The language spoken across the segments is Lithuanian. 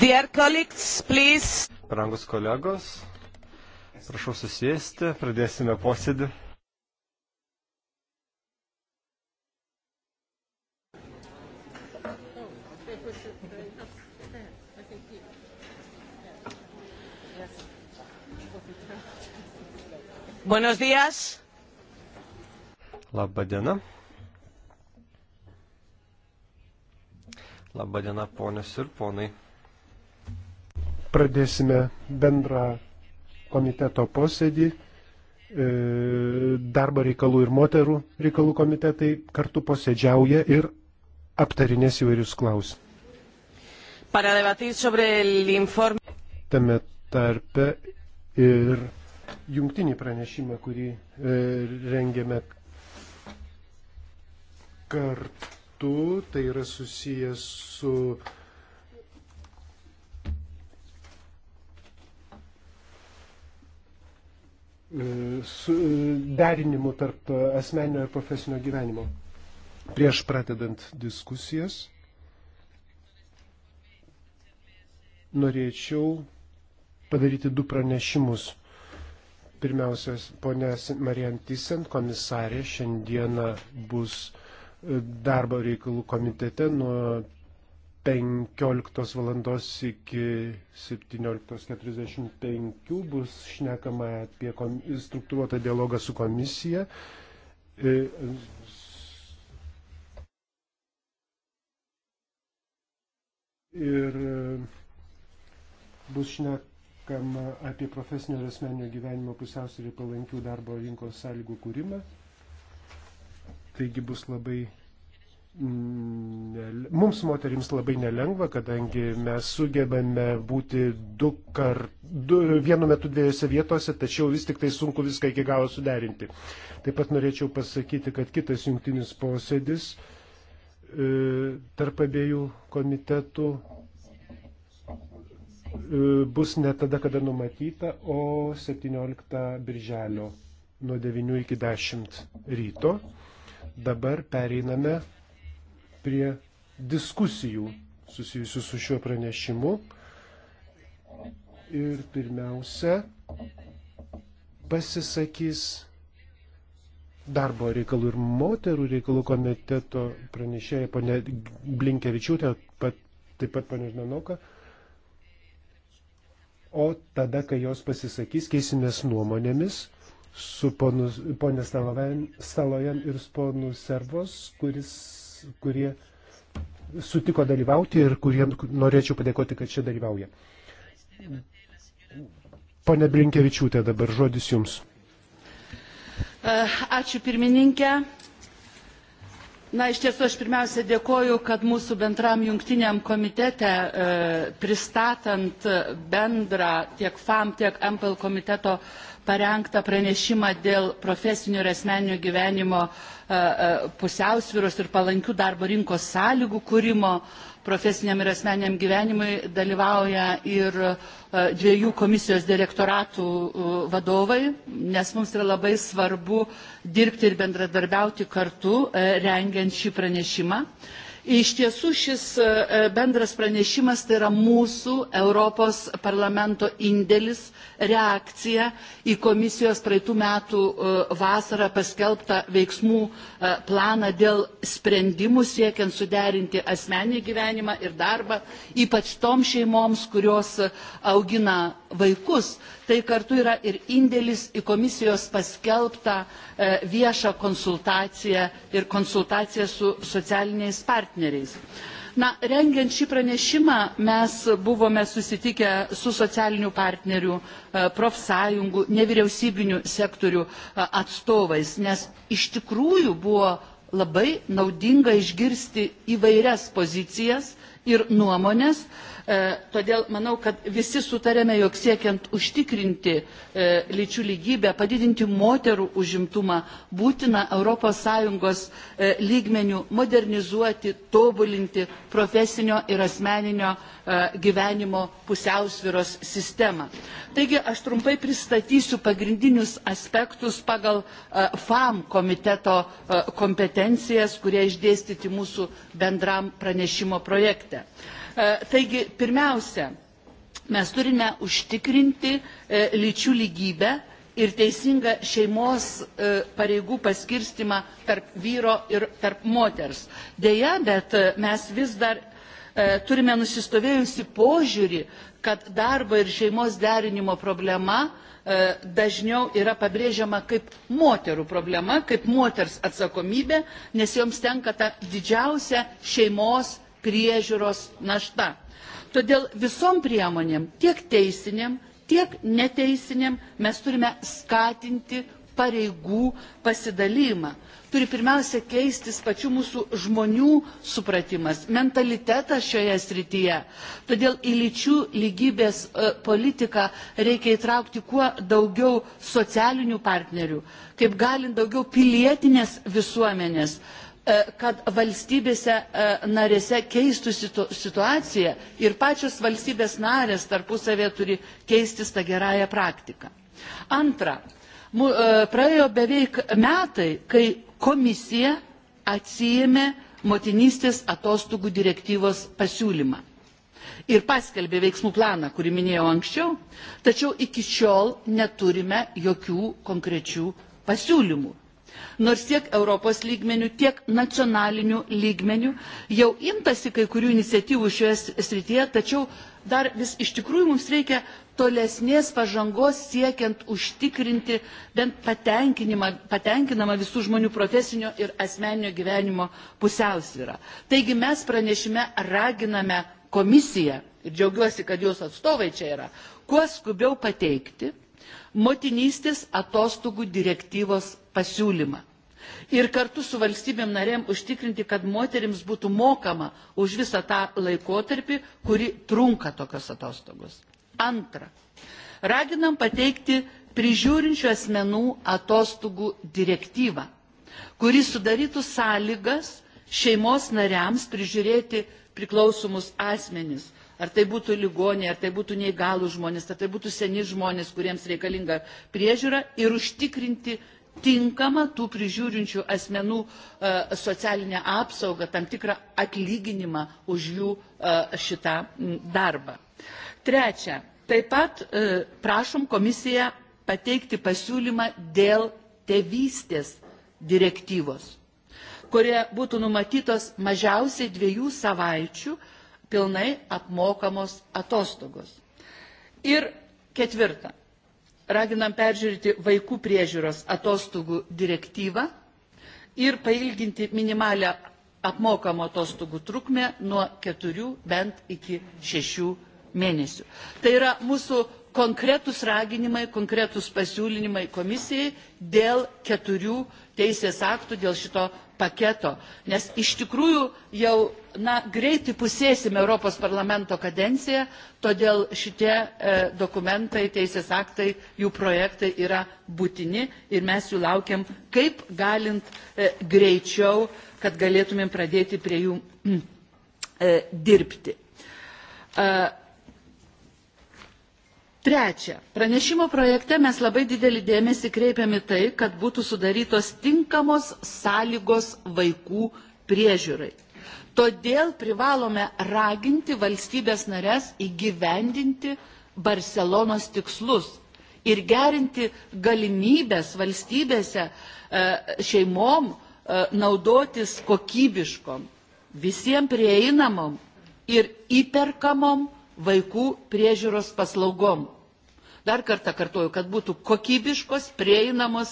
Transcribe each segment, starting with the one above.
Dear colleagues, please. Prangus kolegos, prašau susėsti, pradėsime posėdį. Buenos días. Labadiena. Labadiena, ponios ir ponai pradėsime bendrą komiteto posėdį. E, darbo reikalų ir moterų reikalų komitetai kartu posėdžiauja ir aptarinės įvairius klausimus. Tame tarpe ir jungtinį pranešimą, kurį e, rengiame kartu, tai yra susijęs su E, e, derinimu tarp asmeninio ir profesinio gyvenimo. Prieš pradedant diskusijas norėčiau padaryti du pranešimus. Pirmiausia, ponė Marijan Tysen, komisarė, šiandieną bus e, darbo reikalų komitete nuo 15 valandos iki 17.45 bus šnekama apie struktūruotą dialogą su komisija. E, ir e, bus šnekama apie profesinio ir asmeninio gyvenimo pusiausvyrį palankių darbo rinkos sąlygų kūrimą. Taigi bus labai Mm, mums moterims labai nelengva, kadangi mes sugebame būti du kart, du, vienu metu dviejose vietose, tačiau vis tik tai sunku viską iki galo suderinti. Taip pat norėčiau pasakyti, kad kitas jungtinis posėdis e, tarp abiejų komitetų e, bus ne tada, kada numatyta, o 17 birželio nuo 9 iki 10 ryto. Dabar pereiname prie diskusijų susijusių su šiuo pranešimu. Ir pirmiausia, pasisakys darbo reikalų ir moterų reikalų komiteto pranešėja ponė Blinkevičiūtė, taip pat ponė Žmenoka. O tada, kai jos pasisakys, keisimės nuomonėmis su ponė Stalojan ir ponu Servos, kuris kurie sutiko dalyvauti ir kuriem norėčiau padėkoti, kad čia dalyvauja. Pone Brinkevičiūtė, dabar žodis Jums. Ačiū pirmininkė. Na, iš tiesų, aš pirmiausia dėkoju, kad mūsų bendram jungtiniam komitete e, pristatant bendrą tiek FAM, tiek MPL komiteto parengtą pranešimą dėl profesinio ir asmeninio gyvenimo e, e pusiausvyros ir palankių darbo rinkos sąlygų kūrimo, profesiniam ir asmeniam gyvenimui dalyvauja ir e, dviejų komisijos direktoratų e, vadovai, nes mums yra labai svarbu dirbti ir bendradarbiauti kartu, e, rengiant šį pranešimą. Iš tiesų šis e, e, bendras pranešimas tai yra mūsų Europos parlamento indėlis, reakcija į komisijos praeitų metų e, vasarą paskelbtą veiksmų planą dėl sprendimų siekiant suderinti asmenį gyvenimą ir darbą, ypač tom šeimoms, kurios augina vaikus, tai kartu yra ir indėlis į komisijos paskelbtą e, viešą konsultaciją ir konsultaciją su socialiniais partneriais. Na, rengiant šį pranešimą mes buvome susitikę su socialinių partnerių, e, profsąjungų, nevyriausybinių sektorių e, atstovais, nes iš tikrųjų buvo labai naudinga išgirsti įvairias pozicijas ir nuomonės, uh, E, todėl manau, kad visi sutarėme, jog siekiant užtikrinti e, lyčių lygybę, padidinti moterų užimtumą, būtina ES e, lygmenių modernizuoti, tobulinti profesinio ir asmeninio gyvenimo pusiausviros sistemą. Taigi aš trumpai pristatysiu pagrindinius aspektus pagal FAM komiteto kompetencijas, kurie išdėstyti mūsų bendram pranešimo projekte. Uh, E, taigi, pirmiausia, mes turime užtikrinti e, lyčių lygybę ir teisingą šeimos e, pareigų paskirstimą tarp vyro ir tarp moters. Deja, bet mes vis dar turime nusistovėjusi požiūrį, kad darbo ir šeimos derinimo problema dažniau yra pabrėžiama kaip moterų problema, kaip moters atsakomybė, nes joms tenka ta didžiausia šeimos priežiūros našta. Todėl visom priemonėm, tiek teisinėm, tiek neteisinėm, mes turime skatinti pareigų pasidalymą. Turi pirmiausia keistis pačių mūsų žmonių supratimas, mentalitetas šioje srityje. Todėl į lyčių lygybės e, politiką reikia įtraukti kuo daugiau socialinių partnerių, kaip galint daugiau pilietinės visuomenės E, kad valstybėse e, narėse keistų situ, situaciją ir pačios valstybės narės tarpusavėje turi keistis tą gerąją praktiką. Antra, e, praėjo beveik metai, kai komisija atsijėmė motinystės atostogų direktyvos pasiūlymą ir paskelbė veiksmų planą, kurį minėjau anksčiau, tačiau iki šiol neturime jokių konkrečių pasiūlymų. Nors tiek Europos lygmenių, tiek nacionalinių lygmenių jau imtasi kai kurių iniciatyvų šioje srityje, tačiau dar vis iš tikrųjų mums reikia tolesnės pažangos siekiant užtikrinti bent patenkinamą visų žmonių profesinio ir asmeninio gyvenimo pusiausvyrą. Taigi mes pranešime raginame komisiją, ir džiaugiuosi, kad jos atstovai čia yra, kuo skubiau pateikti motinystės atostogų direktyvos pasiūlymą. Ir kartu su valstybėm narėm užtikrinti, kad moterims būtų mokama už visą tą laikotarpį, kuri trunka tokios atostogos. Antra. Raginam pateikti prižiūrinčių asmenų atostogų direktyvą, kuri sudarytų sąlygas šeimos nariams prižiūrėti priklausomus asmenis Ar tai būtų ligoniai, ar tai būtų neįgalų žmonės, ar tai būtų seni žmonės, kuriems reikalinga priežiūra ir užtikrinti tinkamą tų prižiūrinčių asmenų e, socialinę apsaugą, tam tikrą atlyginimą už jų e, šitą darbą. Trečia, taip pat e, prašom komisiją pateikti pasiūlymą dėl tėvystės direktyvos, kurie būtų numatytos mažiausiai dviejų savaičių pilnai apmokamos atostogos. Ir ketvirta, raginam peržiūrėti vaikų priežiūros atostogų direktyvą ir pailginti minimalę apmokamų atostogų trukmę nuo keturių bent iki šešių mėnesių. Tai yra mūsų konkretus raginimai, konkretus pasiūlymai komisijai dėl keturių teisės aktų, dėl šito paketo. Nes iš tikrųjų jau na, greitai pusėsime Europos parlamento kadenciją, todėl šitie e, dokumentai, teisės aktai, jų projektai yra būtini ir mes jų laukiam kaip galint e, greičiau, kad galėtumėm pradėti prie jų mm, e, dirbti. E, Trečia, pranešimo projekte mes labai didelį dėmesį kreipiam į tai, kad būtų sudarytos tinkamos sąlygos vaikų priežiūrai. Todėl privalome raginti valstybės narės įgyvendinti Barcelonos tikslus ir gerinti galimybės valstybėse e, šeimom e, naudotis kokybiškom, visiems prieinamom ir įperkamom vaikų priežiūros paslaugom. Dar kartą kartuoju, kad būtų kokybiškos, prieinamos,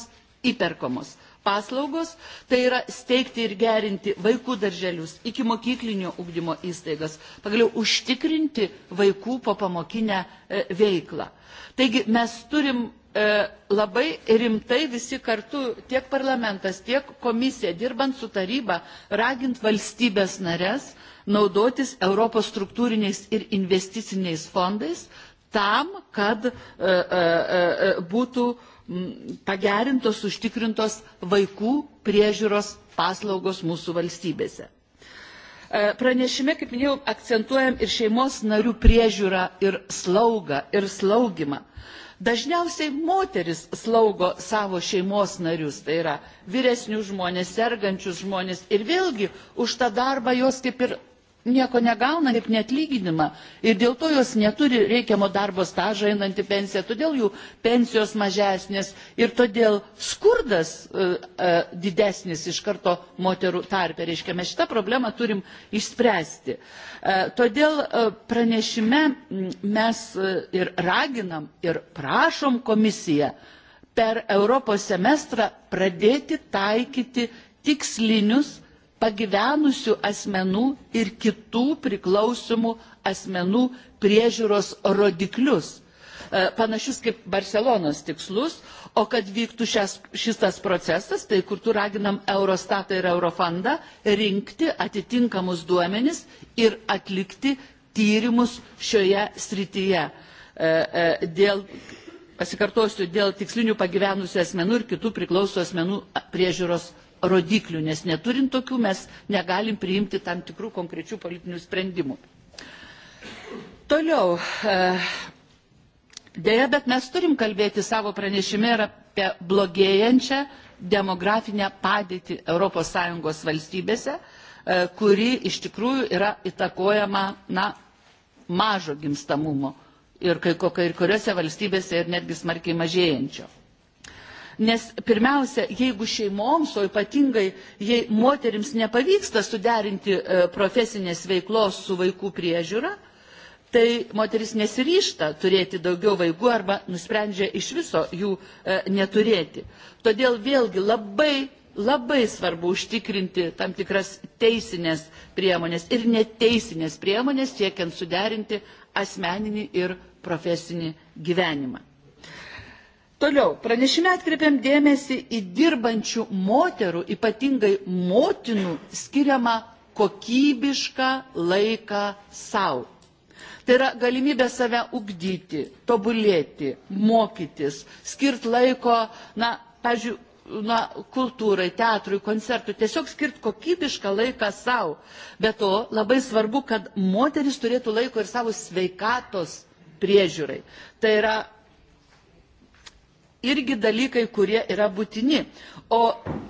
įperkomos paslaugos, tai yra steigti ir gerinti vaikų darželius, iki mokyklinio ugdymo įstaigas, pagaliau užtikrinti vaikų popamokinę e, veiklą. Taigi mes turim e, labai rimtai visi kartu, tiek parlamentas, tiek komisija, dirbant su taryba, ragint valstybės narės naudotis Europos struktūriniais ir investiciniais fondais, tam, kad e, e, e, būtų pagerintos, užtikrintos vaikų priežiūros paslaugos mūsų valstybėse. Pranešime, kaip minėjau, akcentuojam ir šeimos narių priežiūrą, ir slaugą, ir slaugimą. Dažniausiai moteris slaugo savo šeimos narius, tai yra vyresnių žmonės, sergančius žmonės ir vėlgi už tą darbą jos kaip ir nieko negauna kaip netlyginimą ir dėl to jos neturi reikiamo darbo stažą einant į pensiją, todėl jų pensijos mažesnės ir todėl skurdas e, e, didesnis iš karto moterų tarpe. Reiškia, mes šitą problemą turim išspręsti. E, todėl e, pranešime mes e, ir raginam ir prašom komisiją per Europos semestrą pradėti taikyti tikslinius pagyvenusių asmenų ir kitų priklausomų asmenų priežiūros rodiklius, e, panašius kaip Barcelonos tikslus, o kad vyktų šias, šitas procesas, tai kur tu raginam Eurostatą ir Eurofondą rinkti atitinkamus duomenis ir atlikti tyrimus šioje srityje. E, e, dėl pasikartosiu, dėl tikslinių pagyvenusių asmenų ir kitų priklausomų asmenų priežiūros rodiklių, nes neturint tokių mes negalim priimti tam tikrų konkrečių politinių sprendimų. Toliau. E, Deja, bet mes turim kalbėti savo pranešime ir apie blogėjančią demografinę padėtį ES valstybėse, e, kuri iš tikrųjų yra įtakojama na, mažo gimstamumo ir kai, kai kuriuose valstybėse ir netgi smarkiai mažėjančio. Nes pirmiausia, jeigu šeimoms, o ypatingai jei moterims nepavyksta suderinti e, profesinės veiklos su vaikų priežiūra, tai moteris nesiryšta turėti daugiau vaikų arba nusprendžia iš viso jų e, neturėti. Todėl vėlgi labai, labai svarbu užtikrinti tam tikras teisinės priemonės ir neteisinės priemonės siekiant suderinti asmeninį ir profesinį gyvenimą. Toliau, pranešime atkreipiam dėmesį į dirbančių moterų, ypatingai motinų, skiriamą kokybišką laiką savo. Tai yra galimybė save ugdyti, tobulėti, mokytis, skirti laiko, na, pažiūrėjau, na, kultūrai, teatrui, koncertui, tiesiog skirti kokybišką laiką savo. Be to, labai svarbu, kad moteris turėtų laiko ir savo sveikatos priežiūrai. Tai yra irgi dalykai, kurie yra būtini. O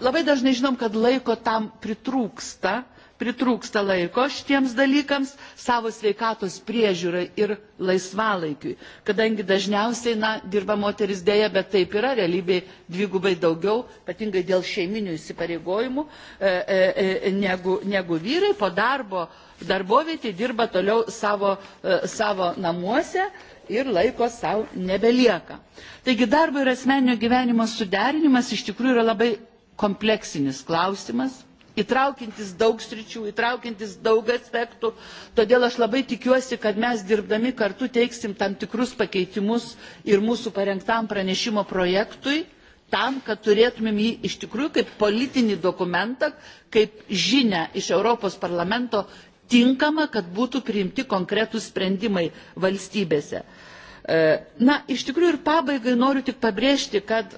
labai dažnai žinom, kad laiko tam pritrūksta, pritrūksta laiko šitiems dalykams, savo sveikatos priežiūrai ir laisvalaikiui. Kadangi dažniausiai, na, dirba moteris dėja, bet taip yra, realybėje dvigubai daugiau, ypatingai dėl šeiminių įsipareigojimų, e, e, e negu, negu vyrai po darbo darbovietį dirba toliau savo, e, savo namuose ir laiko savo nebelieka. Taigi darbo ir asmeninio gyvenimo suderinimas iš tikrųjų yra labai kompleksinis klausimas, įtraukintis daug sričių, įtraukintis daug aspektų. Todėl aš labai tikiuosi, kad mes dirbdami kartu teiksim tam tikrus pakeitimus ir mūsų parengtam pranešimo projektui, tam, kad turėtumėm jį iš tikrųjų kaip politinį dokumentą, kaip žinę iš Europos parlamento tinkama, kad būtų priimti konkretų sprendimai valstybėse. E, na, iš tikrųjų ir pabaigai noriu tik pabrėžti, kad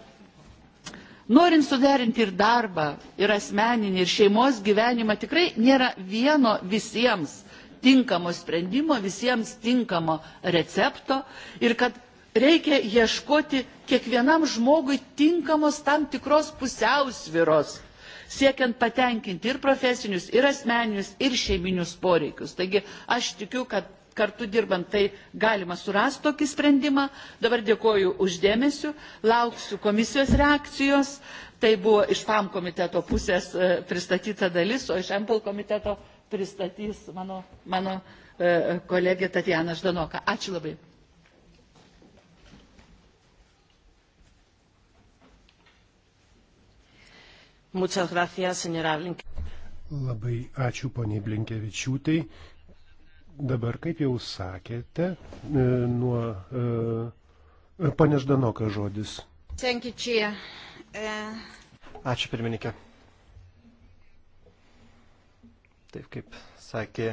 norint suderinti ir darbą, ir asmeninį, ir šeimos gyvenimą, tikrai nėra vieno visiems tinkamo sprendimo, visiems tinkamo recepto ir kad reikia ieškoti kiekvienam žmogui tinkamos tam tikros pusiausviros siekiant patenkinti ir profesinius, ir asmeninius, ir šeiminius poreikius. Taigi aš tikiu, kad kartu dirbant tai galima surasti tokį sprendimą. Dabar dėkoju uždėmesiu, lauksiu komisijos reakcijos. Tai buvo iš PAM komiteto pusės e, pristatyta dalis, o iš MPL komiteto pristatys mano, mano e, kolegė Tatjana Ždanoka. Ačiū labai. Muchas gracias, señora Blink. Labai ačiū poniai Blinkevičiūtai. Dabar, kaip jau sakėte, e, nuo e, paneždanoka žodis. Senkičia. E, ačiū pirmininkė. Taip kaip sakė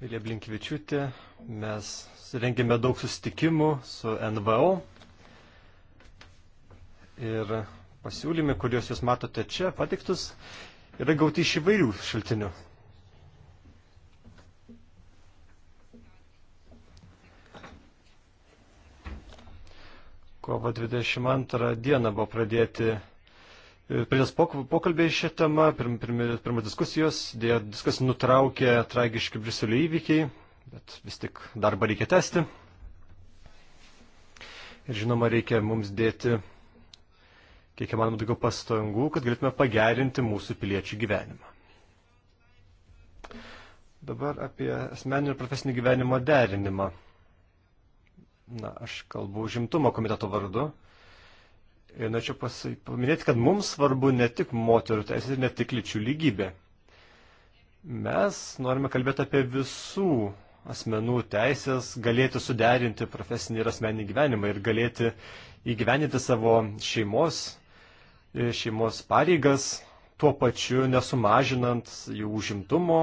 Vilija Blinkevičiūtė, mes rengėme daug susitikimų su NVO ir pasiūlymai, kuriuos jūs matote čia patiktus, yra gauti iš įvairių šaltinių. Kovo 22 dieną buvo pradėti e, Pradės pokalbiai šią temą, pirm, pirm, pirmą diskusijos, dėja diskusijos nutraukė tragiški Briuselio įvykiai, bet vis tik darbą reikia tęsti. Ir žinoma, reikia mums dėti kiek įmanoma daugiau pastangų, kad galėtume pagerinti mūsų piliečių gyvenimą. Dabar apie asmeninį ir profesinį gyvenimo derinimą. Na, aš kalbu žimtumo komiteto vardu. Ir norėčiau paminėti, kad mums svarbu ne tik moterų teisės ir ne tik lyčių lygybė. Mes norime kalbėti apie visų asmenų teisės galėti suderinti profesinį ir asmeninį gyvenimą ir galėti įgyveninti savo šeimos E, šeimos pareigas, tuo pačiu nesumažinant jų užimtumo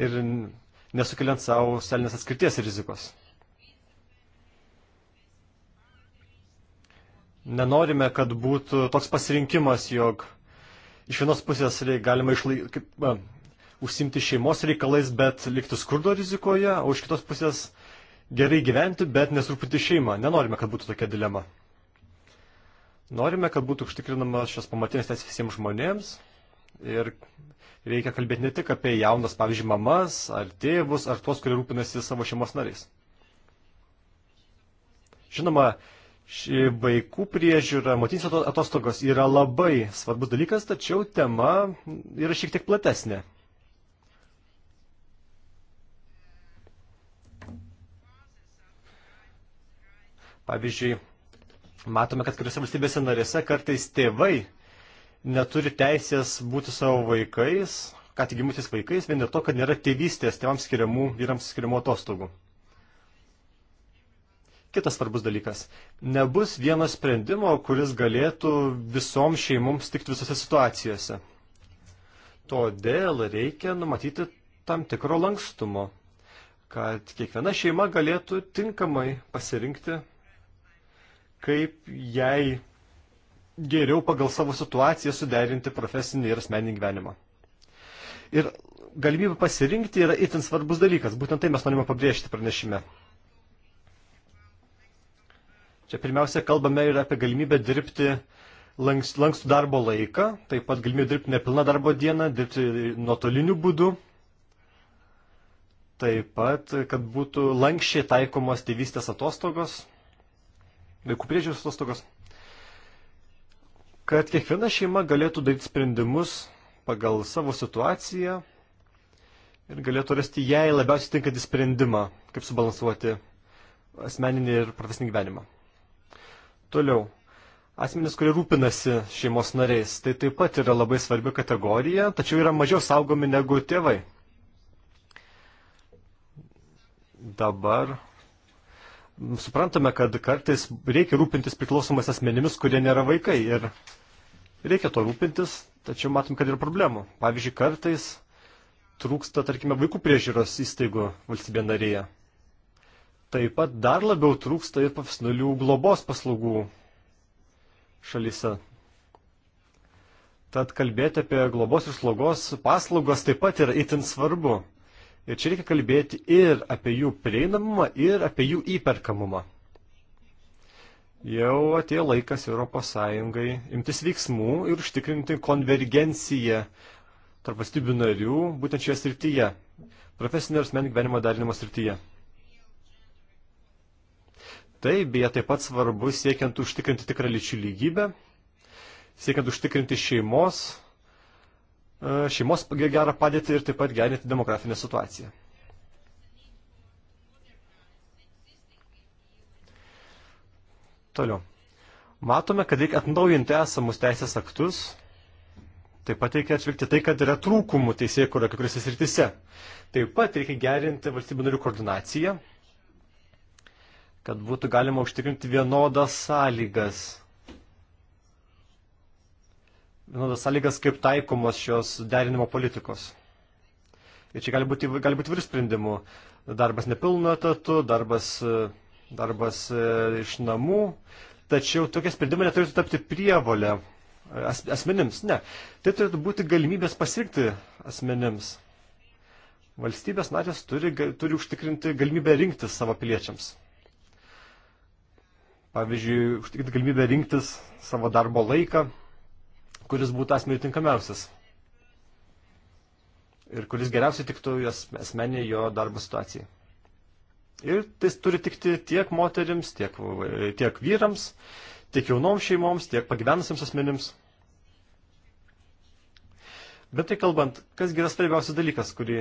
ir nesukeliant savo selinės atskirties rizikos. Nenorime, kad būtų toks pasirinkimas, jog iš vienos pusės galima išlaikyti, užsimti šeimos reikalais, bet likti skurdo rizikoje, o iš kitos pusės gerai gyventi, bet nesrūpinti šeimą. Nenorime, kad būtų tokia dilema. Norime, kad būtų užtikrinama šios pamatinės teisės visiems žmonėms ir reikia kalbėti ne tik apie jaunas, pavyzdžiui, mamas ar tėvus, ar tuos, kurie rūpinasi savo šeimos nariais. Žinoma, ši vaikų priežiūra, motinys atostogos yra labai svarbus dalykas, tačiau tema yra šiek tiek platesnė. Pavyzdžiui, Matome, kad kuriuose valstybėse narėse kartais tėvai neturi teisės būti savo vaikais, ką tik gimutis vaikais, vien dėl to, kad nėra tėvystės tėvams skiriamų, vyrams skiriamų atostogų. Kitas svarbus dalykas. Nebus vieno sprendimo, kuris galėtų visom šeimoms tikti visose situacijose. Todėl reikia numatyti tam tikro lankstumo, kad kiekviena šeima galėtų tinkamai pasirinkti kaip jai geriau pagal savo situaciją suderinti profesinį ir asmeninį gyvenimą. Ir galimybė pasirinkti yra itin svarbus dalykas, būtent tai mes norime pabrėžti pranešime. Čia pirmiausia kalbame ir apie galimybę dirbti lankstų darbo laiką, taip pat galimybę dirbti nepilną darbo dieną, dirbti nuotoliniu būdu, taip pat, kad būtų lankščiai taikomos tėvystės atostogos, vaikų priežiūros atostogas, kad kiekviena šeima galėtų daryti sprendimus pagal savo situaciją ir galėtų rasti jai labiausiai tinkantį sprendimą, kaip subalansuoti asmeninį ir profesinį gyvenimą. Toliau. Asmenys, kurie rūpinasi šeimos nariais, tai taip pat yra labai svarbi kategorija, tačiau yra mažiau saugomi negu tėvai. Dabar suprantame, kad kartais reikia rūpintis priklausomais asmenimis, kurie nėra vaikai. Ir reikia to rūpintis, tačiau matom, kad yra problemų. Pavyzdžiui, kartais trūksta, tarkime, vaikų priežiūros įstaigų valstybė narėje. Taip pat dar labiau trūksta ir profesionalių globos paslaugų šalyse. Tad kalbėti apie globos ir slaugos paslaugas taip pat yra itin svarbu. Ir čia reikia kalbėti ir apie jų prieinamumą, ir apie jų įperkamumą. Jau atėjo laikas ES imtis veiksmų ir užtikrinti konvergenciją tarp valstybių narių būtent šioje srityje, profesinio ir asmeninio gyvenimo dalinimo srityje. Tai beje taip pat svarbu siekiant užtikrinti tikrą lyčių lygybę, siekiant užtikrinti šeimos E, šeimos gerą padėtį ir taip pat gerinti demografinę situaciją. Toliau. Matome, kad reikia atnaujinti esamus teisės aktus, taip pat reikia atvilgti tai, kad yra trūkumų teisėjų, kurio kai kuriuose srityse. Taip pat reikia gerinti valstybių narių koordinaciją, kad būtų galima užtikrinti vienodas sąlygas vienodas sąlygas, kaip taikomos šios derinimo politikos. Ir čia gali būti, gali būti virš sprendimų. Darbas nepilnu etatu, darbas, darbas e, iš namų. Tačiau tokie sprendimai neturėtų tapti prievolę e, as, asmenims. Ne. Tai turėtų būti galimybės pasirinkti asmenims. Valstybės narės turi, turi užtikrinti galimybę rinktis savo piliečiams. Pavyzdžiui, užtikrinti galimybę rinktis savo darbo laiką, kuris būtų asmeniui tinkamiausias ir kuris geriausiai tiktų jos asmeniai jo darbo situacijai. Ir tai turi tikti tiek moterims, tiek, tiek vyrams, tiek jaunoms šeimoms, tiek pagyvenusiems asmenims. Bet tai kalbant, kas yra svarbiausias dalykas, kurį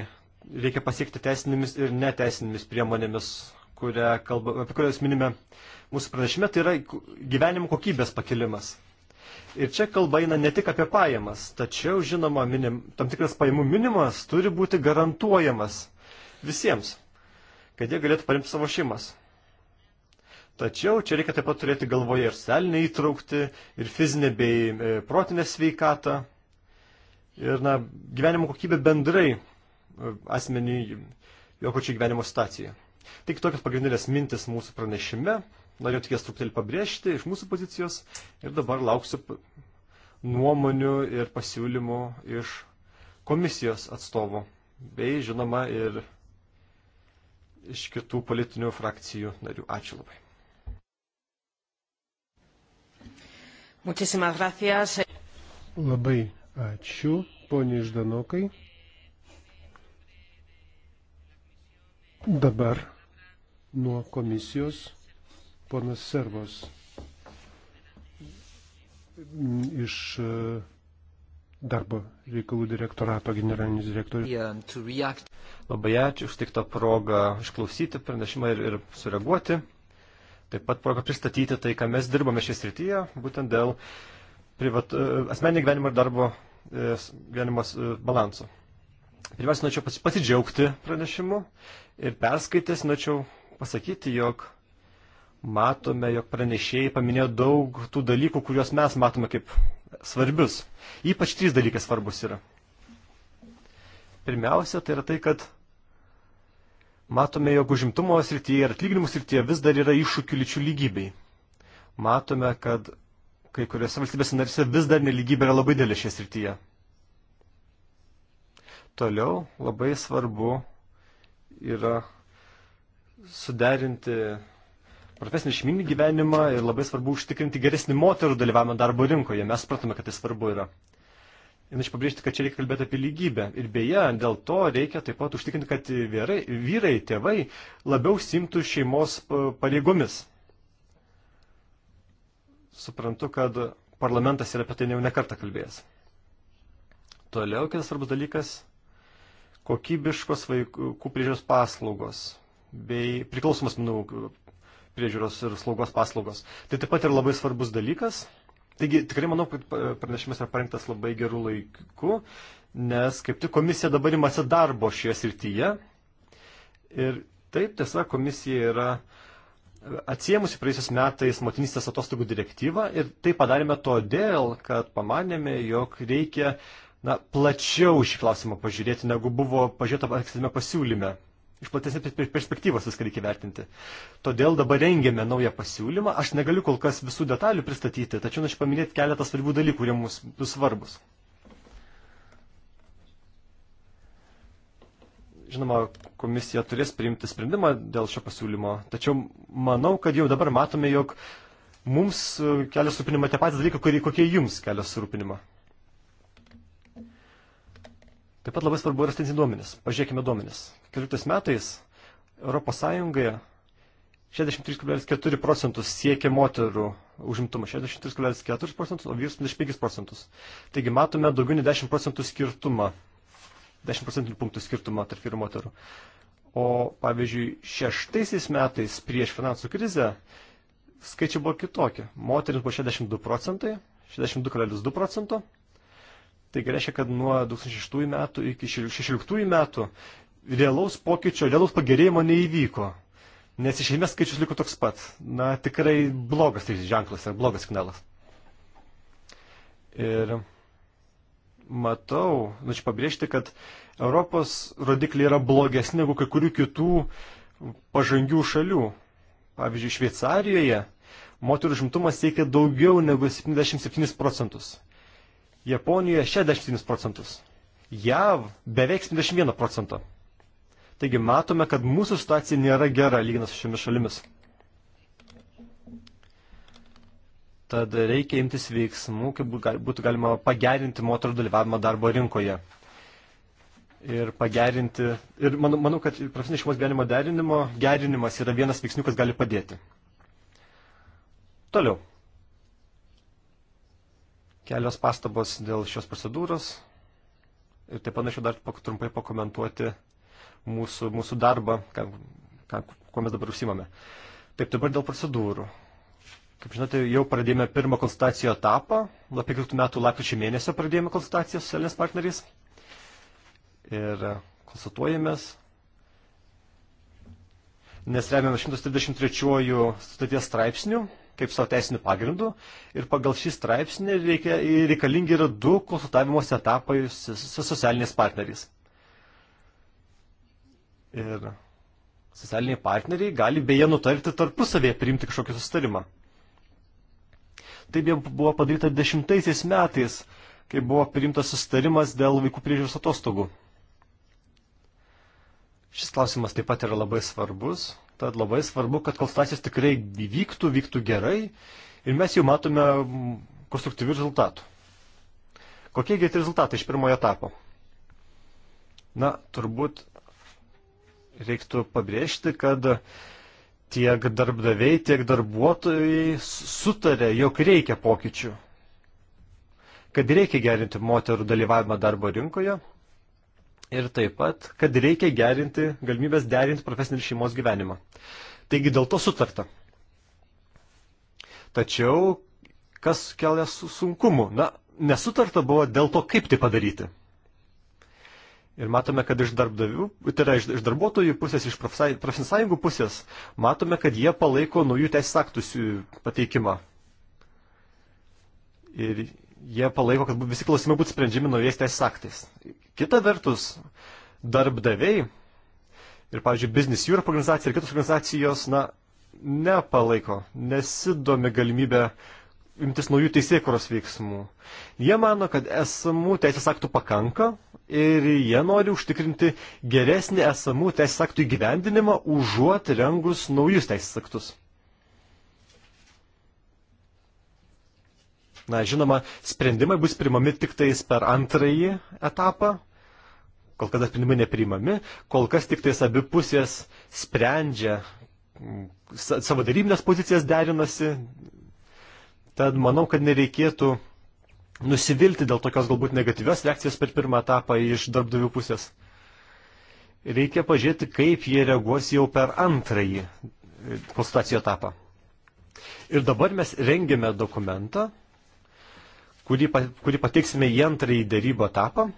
reikia pasiekti teisinėmis ir neteisinėmis priemonėmis, kurią kalba, apie kurias minime mūsų pranešime, tai yra gyvenimo kokybės pakilimas. Ir čia kalba eina ne tik apie pajamas, tačiau, žinoma, minim, tam tikras pajamų minimas turi būti garantuojamas visiems, kad jie galėtų paremti savo šeimas. Tačiau čia reikia taip pat turėti galvoje ir socialinę įtraukti, ir fizinę bei e, protinę sveikatą, ir na, gyvenimo kokybę bendrai e, asmenį, jo kočio gyvenimo staciją. Tik tokios pagrindinės mintis mūsų pranešime norėjau tik jas truputėlį pabrėžti iš mūsų pozicijos ir dabar lauksiu nuomonių ir pasiūlymų iš komisijos atstovų, bei žinoma ir iš kitų politinių frakcijų narių. Ačiū labai. Muchísimas gracias. Labai ačiū, poniai Ždanokai. Dabar nuo komisijos ponas Servos mm, iš e, darbo reikalų direktorato generalinis direktorius. Labai ačiū už tiktą progą išklausyti pranešimą ir, ir sureaguoti. Taip pat progą pristatyti tai, ką mes dirbame šią srityje, būtent dėl privat, e, asmeninio gyvenimo ir darbo e, gyvenimo balanso. Pirmiausia, norėčiau pasidžiaugti pranešimu ir perskaitęs norėčiau pasakyti, jog matome, jog pranešėjai paminėjo daug tų dalykų, kuriuos mes matome kaip svarbius. Ypač trys dalykai svarbus yra. Pirmiausia, tai yra tai, kad matome, jog užimtumo srityje ir atlyginimų srityje vis dar yra iššūkių lyčių lygybei. Matome, kad kai kuriuose valstybėse narise vis dar neligybė yra labai dėlė šioje srityje. Toliau labai svarbu yra suderinti profesinį šeiminį gyvenimą ir labai svarbu užtikrinti geresnį moterų dalyvavimą darbo rinkoje. Mes supratome, kad tai svarbu yra. Ir aš pabrėžti, kad čia reikia kalbėti apie lygybę. Ir beje, dėl to reikia taip pat užtikrinti, kad vyrai, vyrai tėvai labiau simtų šeimos e, pareigomis. Suprantu, kad parlamentas yra apie tai jau nekartą kalbėjęs. Toliau kitas svarbus dalykas - kokybiškos vaikų priežiūros paslaugos bei priklausomas, manau, priežiūros ir slaugos paslaugos. Tai taip pat ir labai svarbus dalykas. Taigi tikrai manau, kad pranešimas yra parengtas labai gerų laikų, nes kaip tik komisija dabar imasi darbo šioje srityje. Ir taip, tiesa, komisija yra atsiemusi praėjusiais metais motinystės atostogų direktyvą ir tai padarėme todėl, kad pamanėme, jog reikia na, plačiau šį klausimą pažiūrėti, negu buvo pažiūrėta ankstame pasiūlyme iš platesnės perspektyvos viską reikia vertinti. Todėl dabar rengiame naują pasiūlymą. Aš negaliu kol kas visų detalių pristatyti, tačiau noriu paminėti keletą svarbių dalykų, kurie mums bus svarbus. Žinoma, komisija turės priimti sprendimą dėl šio pasiūlymo, tačiau manau, kad jau dabar matome, jog mums kelia surūpinimą tie patys dalykai, kokie jums kelia surūpinimą. Taip pat labai svarbu yra stinti duomenis. Pažiūrėkime duomenis. 14 metais Europos Sąjungoje 63,4 procentus siekia moterų užimtumą, 63,4 procentus, o vyrus 25 procentus. Taigi matome daugiau nei 10 procentų skirtumą, 10 procentinių punktų skirtumą tarp vyrų ir moterų. O pavyzdžiui, šeštaisiais metais prieš finansų krizę skaičiai buvo kitokie. Moteris buvo 62 procentai, 62,2 procento, Taigi reiškia, kad nuo 2006 metų iki 2016 metų realaus pokyčio, realaus pagerėjimo neįvyko. Nes iš esmės skaičius liko toks pat. Na, tikrai blogas tai ženklas ir blogas signalas. Ir matau, norėčiau pabrėžti, kad Europos rodikliai yra blogesni negu kai kurių kitų pažangių šalių. Pavyzdžiui, Šveicarijoje moterų žimtumas siekia daugiau negu 77 procentus. Japonijoje 67 procentus, JAV beveik 71 procentą. Taigi matome, kad mūsų situacija nėra gera lyginant su šiomis šalimis. Tad reikia imtis veiksmų, kaip būtų galima pagerinti moterų dalyvavimą darbo rinkoje. Ir pagerinti, ir manau, manau kad profesinės šeimos gyvenimo derinimo gerinimas yra vienas veiksnių, kas gali padėti. Toliau. Kelios pastabos dėl šios procedūros ir taip panašiai dar trumpai pakomentuoti mūsų, mūsų darbą, ką, ką, kuo mes dabar užsimame. Taip, dabar dėl procedūrų. Kaip žinote, jau pradėjome pirmą konsultacijų etapą. Nuo 15 metų lapkričio mėnesio pradėjome konsultaciją su Elnės partneriais. Ir e, konsultuojamės, nes remiame 133 sutarties straipsnių kaip savo teisinių pagrindų ir pagal šį straipsnį reikia, reikalingi yra du konsultavimuose etapai su socialiniais partneriais. Ir socialiniai partneriai gali beje nutarti tarpusavėje priimti kažkokį sustarimą. Taip jau buvo padaryta dešimtaisiais metais, kai buvo priimtas sustarimas dėl vaikų priežiūros atostogų. Šis klausimas taip pat yra labai svarbus, Tad labai svarbu, kad konsultacijos tikrai vyktų, vyktų gerai ir mes jau matome konstruktyvių rezultatų. Kokiegi tie rezultatai iš pirmojo etapo? Na, turbūt reiktų pabrėžti, kad tiek darbdaviai, tiek darbuotojai sutarė, jog reikia pokyčių, kad reikia gerinti moterų dalyvavimą darbo rinkoje ir taip pat, kad reikia gerinti galimybės derinti profesinį ir šeimos gyvenimą. Taigi dėl to sutarta. Tačiau, kas kelia sunkumų? Na, nesutarta buvo dėl to, kaip tai padaryti. Ir matome, kad iš darbdavių, tai yra iš, iš darbuotojų pusės, iš profesinės sąjungų pusės, matome, kad jie palaiko naujų teisės aktų pateikimą. Ir jie palaiko, kad visi klausimai būtų sprendžiami naujais teisės aktais. Kita vertus, darbdaviai ir, pavyzdžiui, Business Europe organizacija ir kitos organizacijos, na, nepalaiko, nesidomi galimybę imtis naujų teisėkuros veiksmų. Jie mano, kad esamų teisės aktų pakanka ir jie nori užtikrinti geresnį esamų teisės aktų įgyvendinimą, užuot rengus naujus teisės aktus. Na, žinoma, sprendimai bus primami tik tais per antrąjį etapą, kol kas sprendimai nepriimami, kol kas tik tais abi pusės sprendžia, savo darybinės pozicijas derinasi. Tad manau, kad nereikėtų nusivilti dėl tokios galbūt negatyvios reakcijos per pirmą etapą iš darbdavių pusės. Reikia pažiūrėti, kaip jie reaguos jau per antrąjį konsultacijų etapą. Ir dabar mes rengiame dokumentą, kurį, kurį pateiksime į antrąjį darybų etapą,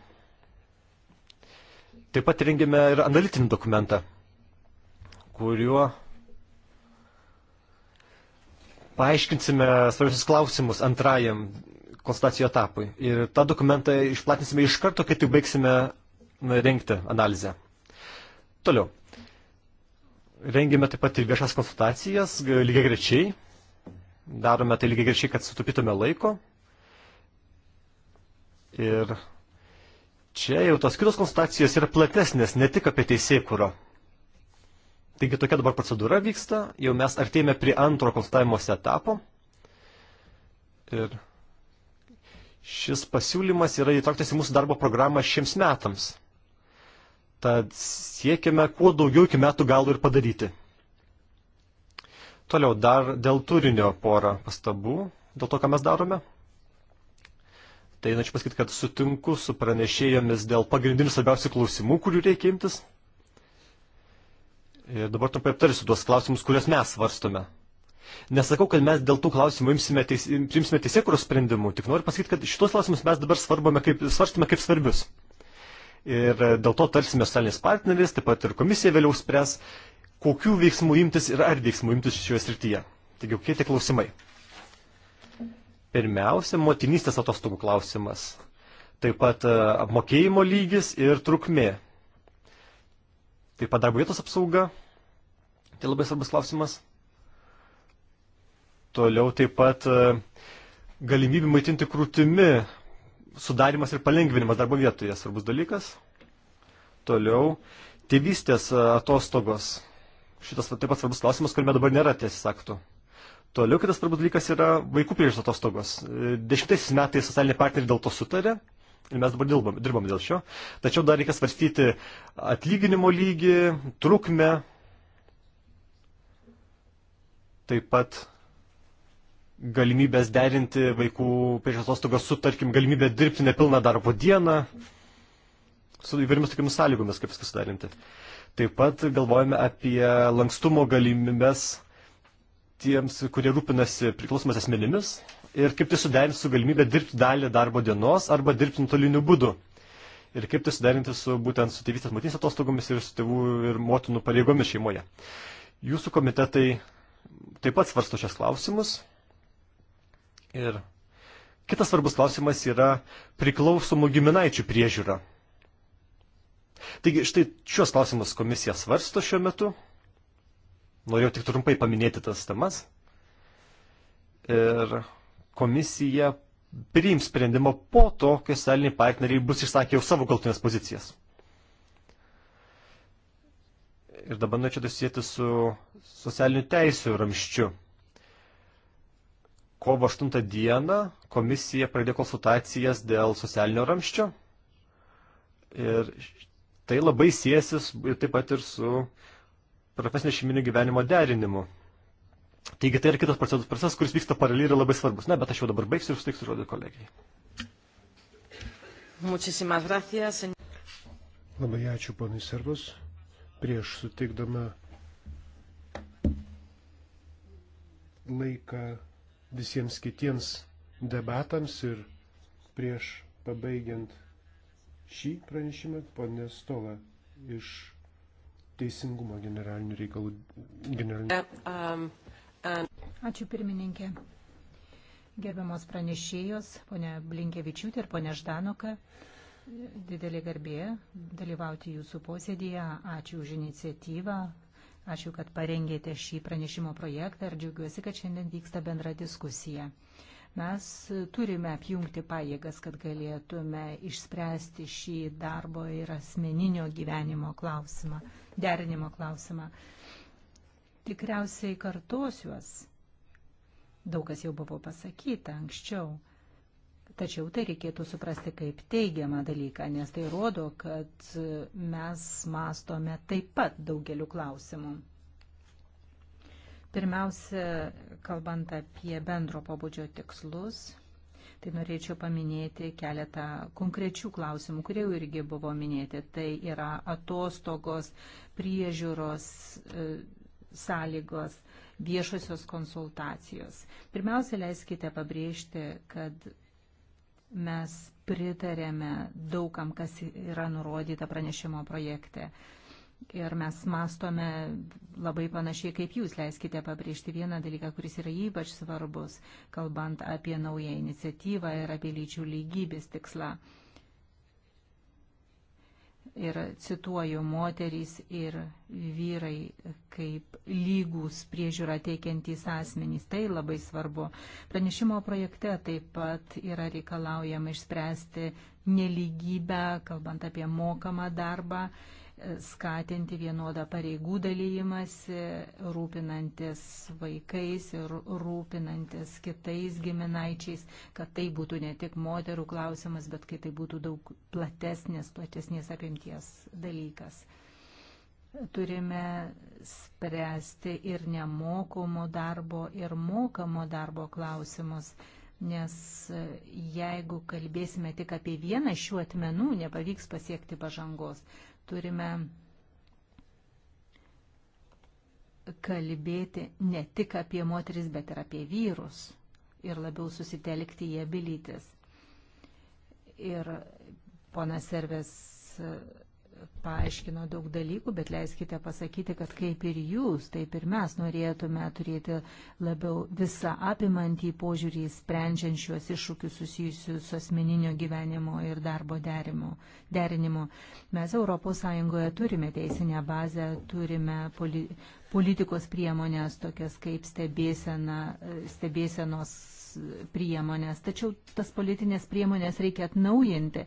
Taip pat rengėme ir analitinį dokumentą, kuriuo paaiškinsime svarbiausius klausimus antrajam konsultacijų etapui. Ir tą dokumentą išplatinsime iš karto, kai tik baigsime rengti analizę. Toliau. Rengėme taip pat ir viešas konsultacijas lygiai grečiai. Darome tai lygiai grečiai, kad sutupytume laiko. Ir Čia jau tos kitos konsultacijos yra platesnės, ne tik apie teisėkūrą. Taigi tokia dabar procedūra vyksta, jau mes artėjame prie antro konsultavimuose etapo. Ir šis pasiūlymas yra įtrauktas į mūsų darbo programą šiems metams. Tad siekime kuo daugiau iki metų galų ir padaryti. Toliau dar dėl turinio porą pastabų, dėl to, ką mes darome tai norėčiau pasakyti, kad sutinku su pranešėjomis dėl pagrindinių svarbiausių klausimų, kurių reikia imtis. Ir dabar trumpai aptarsiu tuos klausimus, kuriuos mes svarstome. Nesakau, kad mes dėl tų klausimų imsime teis, priimsime teisėkuros sprendimų, tik noriu pasakyti, kad šitos klausimus mes dabar kaip, svarstame kaip svarbius. Ir dėl to tarsime socialiniais partneriais, taip pat ir komisija vėliau spręs, kokių veiksmų imtis ir ar veiksmų imtis šioje srityje. Taigi, kokie tie klausimai? Pirmiausia, motinystės atostogų klausimas. Taip pat e, apmokėjimo lygis ir trukmė. Taip pat darbo vietos apsauga. Tai labai svarbus klausimas. Toliau taip pat e, galimybė maitinti krūtimi, sudarimas ir palengvinimas darbo vietoje svarbus dalykas. Toliau tėvystės e, atostogos. Šitas taip pat svarbus klausimas, kuriame dabar nėra tiesiog aktų. Toliau kitas svarbus dalykas yra vaikų priežiūros atostogos. Dešimtaisiais metais socialiniai partneriai dėl to sutarė ir mes dabar dirbam, dirbam dėl šio. Tačiau dar reikia svarstyti atlyginimo lygį, trukmę, taip pat galimybės derinti vaikų priežiūros atostogas su, tarkim, galimybė dirbti nepilną darbo dieną, su įvairiomis tokiamis sąlygomis, kaip viskas suderinti. Taip pat galvojame apie lankstumo galimybės tiems, kurie rūpinasi priklausomas asmenimis ir kaip tai suderinti su galimybė dirbti dalį darbo dienos arba dirbti nuotoliniu būdu. Ir kaip tai suderinti su būtent su tėvystės motinys atostogomis ir su tėvų ir motinų pareigomis šeimoje. Jūsų komitetai taip pat svarsto šias klausimus. Ir kitas svarbus klausimas yra priklausomų giminaičių priežiūra. Taigi štai šios klausimus komisija svarsto šiuo metu Norėjau tik trumpai paminėti tas temas. Ir komisija priims sprendimą po to, kai socialiniai partneriai bus išsakę jau savo galtinės pozicijas. Ir dabar norėčiau susijęti su socialinių teisų ramščiu. Kovo 8 dieną komisija pradėjo konsultacijas dėl socialinio ramščio. Ir tai labai siesis taip pat ir su uh, profesinio šeiminio gyvenimo derinimu. Taigi tai yra kitas procesas, procesas, kuris vyksta paraleliai ir labai svarbus. Na, bet aš jau dabar baigsiu ir suteiksiu žodį kolegijai. Muchísimas gracias. Labai ačiū, ponai Servus. Prieš suteikdama laiką visiems kitiems debatams ir prieš pabaigiant šį pranešimą, ponė Stola iš teisingumo generalinių reikalų generalinių. Um, ačiū pirmininkė. Gerbiamos pranešėjos, ponia Blinkevičiūtė ir ponia Ždanoka, didelė garbė dalyvauti jūsų posėdėje. Ačiū už iniciatyvą, ačiū, kad parengėte šį pranešimo projektą ir džiaugiuosi, kad šiandien vyksta bendra diskusija. Mes turime apjungti pajėgas, kad galėtume išspręsti šį darbo ir asmeninio gyvenimo klausimą, derinimo klausimą. Tikriausiai kartosiuos. Daug kas jau buvo pasakyta anksčiau. Tačiau tai reikėtų suprasti kaip teigiamą dalyką, nes tai rodo, kad mes mastome taip pat daugeliu klausimų. Pirmiausia, kalbant apie bendro pobūdžio tikslus, tai norėčiau paminėti keletą konkrečių klausimų, kurie jau irgi buvo minėti. Tai yra atostogos, priežiūros e, sąlygos, viešosios konsultacijos. Pirmiausia, leiskite pabrėžti, kad mes pritarėme daugam, kas yra nurodyta pranešimo projekte ir mes mastome labai panašiai kaip jūs. Leiskite pabrėžti vieną dalyką, kuris yra ypač svarbus, kalbant apie naują iniciatyvą ir apie lyčių lygybės tikslą. Ir cituoju, moterys ir vyrai kaip lygus priežiūra teikiantys asmenys. Tai labai svarbu. Pranešimo projekte taip pat yra reikalaujama išspręsti neligybę, kalbant apie mokamą darbą skatinti vienodą pareigų dalyjimąsi, rūpinantis vaikais ir rūpinantis kitais giminaičiais, kad tai būtų ne tik moterų klausimas, bet kad tai būtų daug platesnės, platesnės apimties dalykas. Turime spręsti ir nemokomo darbo, ir mokamo darbo klausimus. Nes jeigu kalbėsime tik apie vieną šių atmenų, nepavyks pasiekti pažangos turime kalbėti ne tik apie moteris, bet ir apie vyrus ir labiau susitelkti į abilytis. Ir ponas Servės paaiškino daug dalykų, bet leiskite pasakyti, kad kaip ir jūs, taip ir mes norėtume turėti labiau visą apimantį požiūrį sprendžiant šiuos iššūkius susijusius su asmeninio gyvenimo ir darbo derimo, derinimu. Mes ES turime teisinę bazę, turime poli, politikos priemonės, tokias kaip stebėsena, stebėsenos priemonės, tačiau tas politinės priemonės reikia atnaujinti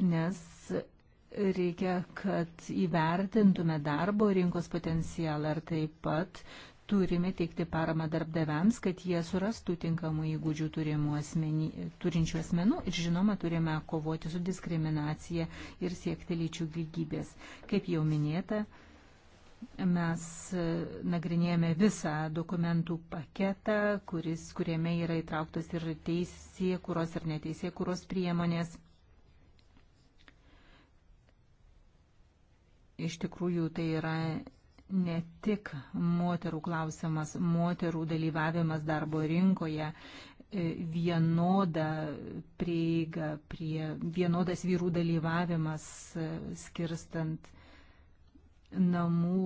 nes reikia, kad įvertintume darbo rinkos potencialą ir taip pat turime teikti paramą darbdaviams, kad jie surastų tinkamų įgūdžių asmeni, turinčių asmenų ir žinoma turime kovoti su diskriminacija ir siekti lyčių lygybės. Kaip jau minėta, mes e, nagrinėjame visą dokumentų paketą, kuris, kuriame yra įtrauktos ir teisė, kuros ir neteisė, kuros priemonės iš tikrųjų tai yra ne tik moterų klausimas, moterų dalyvavimas darbo rinkoje, e, vienoda prieiga prie, vienodas vyrų dalyvavimas e, skirstant namų,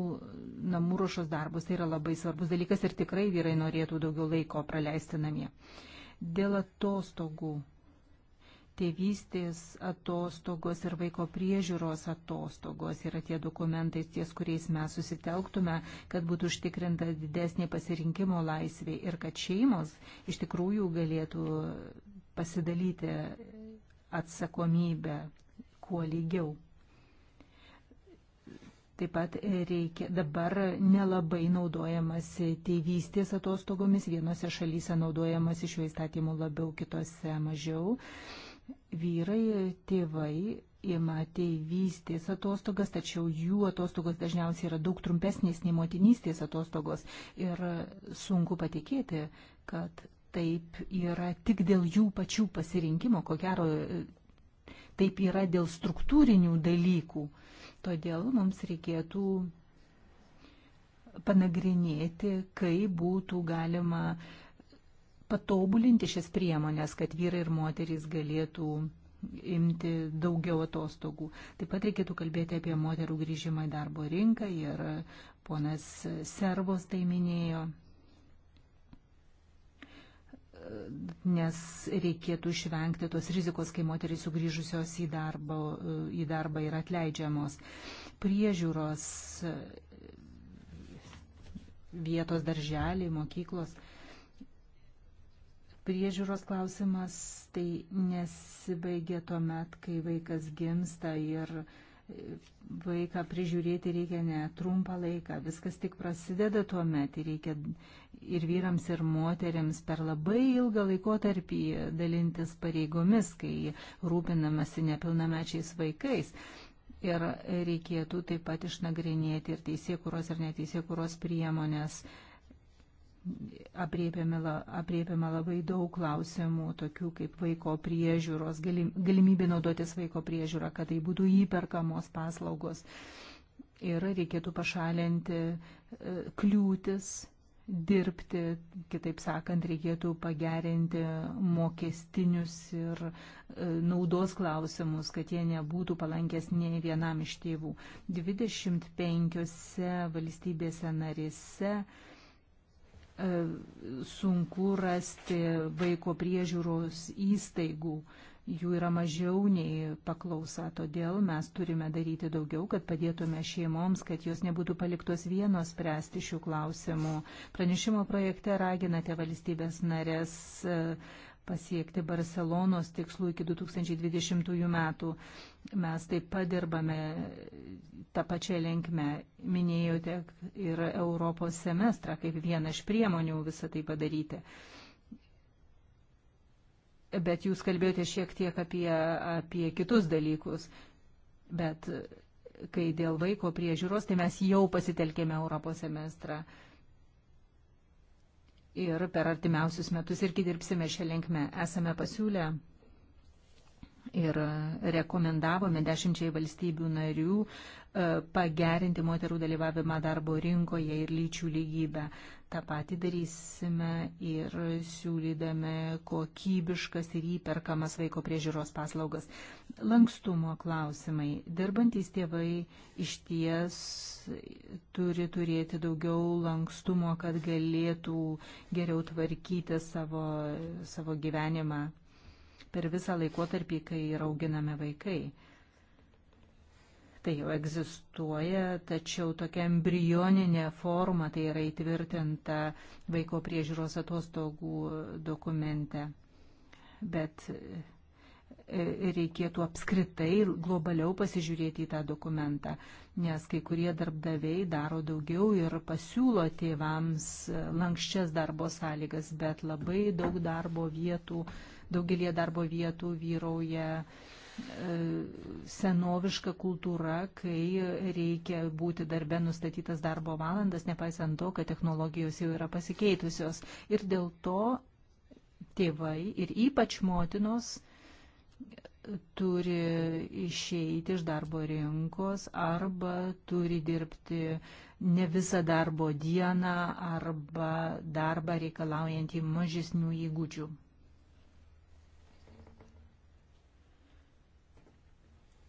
namų ruošos darbus. Tai yra labai svarbus dalykas ir tikrai vyrai norėtų daugiau laiko praleisti namie. Dėl atostogų tėvystės atostogos ir vaiko priežiūros atostogos yra tie dokumentai, ties kuriais mes susitelktume, kad būtų užtikrinta didesnė pasirinkimo laisvė ir kad šeimos iš tikrųjų galėtų pasidalyti atsakomybę kuo lygiau. Taip pat reikia, dabar nelabai naudojamas tėvystės atostogomis, vienose šalyse naudojamas iš jo įstatymų labiau, kitose mažiau vyrai, tėvai ima tėvystės atostogas, tačiau jų atostogos dažniausiai yra daug trumpesnės nei motinystės atostogos ir sunku patikėti, kad taip yra tik dėl jų pačių pasirinkimo, ko gero taip yra dėl struktūrinių dalykų. Todėl mums reikėtų panagrinėti, kaip būtų galima uh, patobulinti šias priemonės, kad vyrai ir moterys galėtų imti daugiau atostogų. Taip pat reikėtų kalbėti apie moterų grįžimą į darbo rinką ir ponas Servos tai minėjo, nes reikėtų išvengti tos rizikos, kai moterys sugrįžusios į, darbo, į darbą yra atleidžiamos. Priežiūros vietos darželiai, mokyklos priežiūros klausimas tai nesibaigia tuo met, kai vaikas gimsta ir e, vaiką prižiūrėti reikia ne trumpą laiką, viskas tik prasideda tuo met ir reikia ir vyrams, ir moteriams per labai ilgą laikotarpį dalintis pareigomis, kai rūpinamasi nepilnamečiais vaikais. Ir reikėtų taip pat išnagrinėti ir teisėkuros ir neteisėkuros priemonės, uh, apriepiama labai daug klausimų, tokių kaip vaiko priežiūros, galimybė naudotis vaiko priežiūrą, kad tai būtų įperkamos paslaugos. Ir reikėtų pašalinti e, kliūtis dirbti, kitaip sakant, reikėtų pagerinti mokestinius ir e, naudos klausimus, kad jie nebūtų palankės nei vienam iš tėvų. 25 valstybėse narėse sunku rasti vaiko priežiūros įstaigų. Jų yra mažiau nei paklausa, todėl mes turime daryti daugiau, kad padėtume šeimoms, kad jos nebūtų paliktos vienos spręsti šių klausimų. Pranešimo projekte raginate valstybės narės pasiekti Barcelonos tikslų iki 2020 metų. Mes taip pat dirbame tą pačią linkmę. Minėjote ir Europos semestrą kaip vieną iš priemonių visą tai padaryti. Bet jūs kalbėjote šiek tiek apie, apie kitus dalykus. Bet kai dėl vaiko priežiūros, tai mes jau pasitelkėme Europos semestrą. Uh, ir per artimiausius metus irgi dirbsime šią linkmę. Esame pasiūlę ir rekomendavome dešimčiai valstybių narių e, pagerinti moterų dalyvavimą darbo rinkoje ir lyčių lygybę. Ta pati darysime ir siūlydame kokybiškas ir įperkamas vaiko priežiūros paslaugas. Lankstumo klausimai. Dirbantys tėvai iš ties turi turėti daugiau lankstumo, kad galėtų geriau tvarkyti savo, savo gyvenimą per visą laikotarpį, kai yra auginami vaikai. Tai jau egzistuoja, tačiau tokia embrioninė forma tai yra įtvirtinta vaiko priežiūros atostogų dokumente. Bet e, reikėtų apskritai globaliau pasižiūrėti į tą dokumentą, nes kai kurie darbdaviai daro daugiau ir pasiūlo tėvams lankščias darbo sąlygas, bet labai daug darbo vietų daugelie darbo vietų vyrauja e, senoviška kultūra, kai reikia būti darbe nustatytas darbo valandas, nepaisant to, kad technologijos jau yra pasikeitusios. Ir dėl to tėvai ir ypač motinos turi išeiti iš darbo rinkos arba turi dirbti ne visą darbo dieną arba darbą reikalaujantį mažesnių įgūdžių.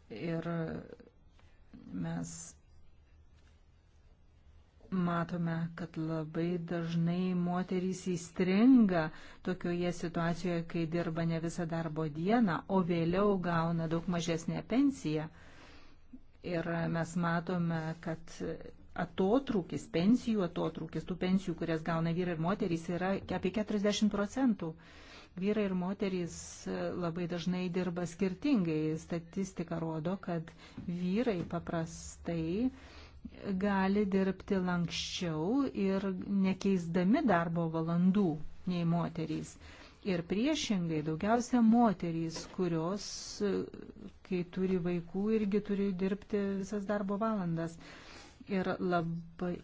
Ir mes matome, kad labai dažnai moterys įstringa tokioje situacijoje, kai dirba ne visą darbo dieną, o vėliau gauna daug mažesnę pensiją. Ir mes matome, kad atotrūkis, pensijų atotrūkis, tų pensijų, kurias gauna vyrai ir moterys, yra apie 40 procentų. Vyrai ir moterys labai dažnai dirba skirtingai. Statistika rodo, kad vyrai paprastai gali dirbti lankščiau ir nekeisdami darbo valandų nei moterys. Ir priešingai daugiausia moterys, kurios, kai turi vaikų, irgi turi dirbti visas darbo valandas. Ir labai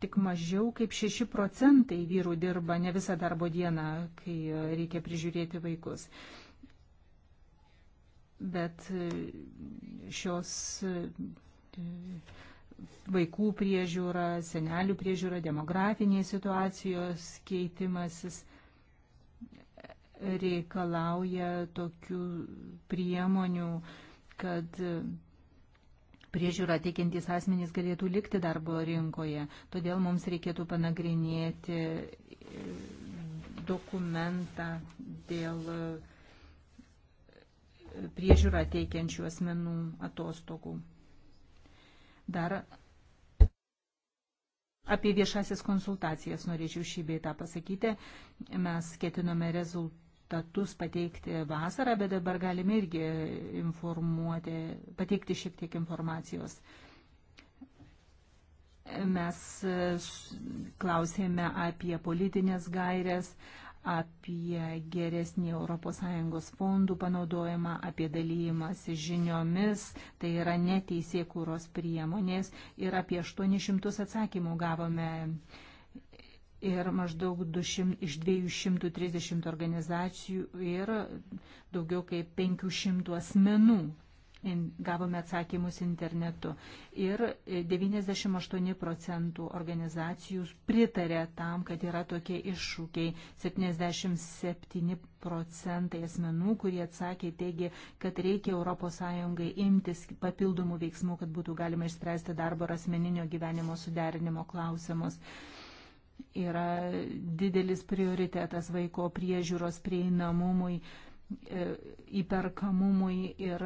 tik mažiau kaip 6 procentai vyrų dirba ne visą darbo dieną, kai reikia prižiūrėti vaikus. Bet e, šios e, vaikų priežiūra, senelių priežiūra, demografiniai situacijos keitimasis reikalauja tokių priemonių, kad e, priežiūrą teikiantys asmenys galėtų likti darbo rinkoje. Todėl mums reikėtų panagrinėti e, dokumentą dėl e, priežiūrą teikiančių asmenų atostogų. Dar apie viešasis konsultacijas norėčiau šį beitą pasakyti. Mes ketinome rezultatų rezultatus pateikti vasarą, bet dabar galime irgi informuoti, pateikti šiek tiek informacijos. Mes e, klausėme apie politinės gairias, apie geresnį ES fondų panaudojimą, apie dalyjimas žiniomis, tai yra neteisėkūros priemonės ir apie 800 atsakymų gavome ir maždaug 200, iš 230 organizacijų ir daugiau kaip 500 asmenų. Gavome atsakymus internetu ir 98 e, procentų organizacijų pritarė tam, kad yra tokie iššūkiai. 77 procentai asmenų, kurie atsakė, teigė, kad reikia ES imtis papildomų veiksmų, kad būtų galima išspręsti darbo ir asmeninio gyvenimo suderinimo klausimus yra didelis prioritetas vaiko priežiūros prieinamumui, e, įperkamumui ir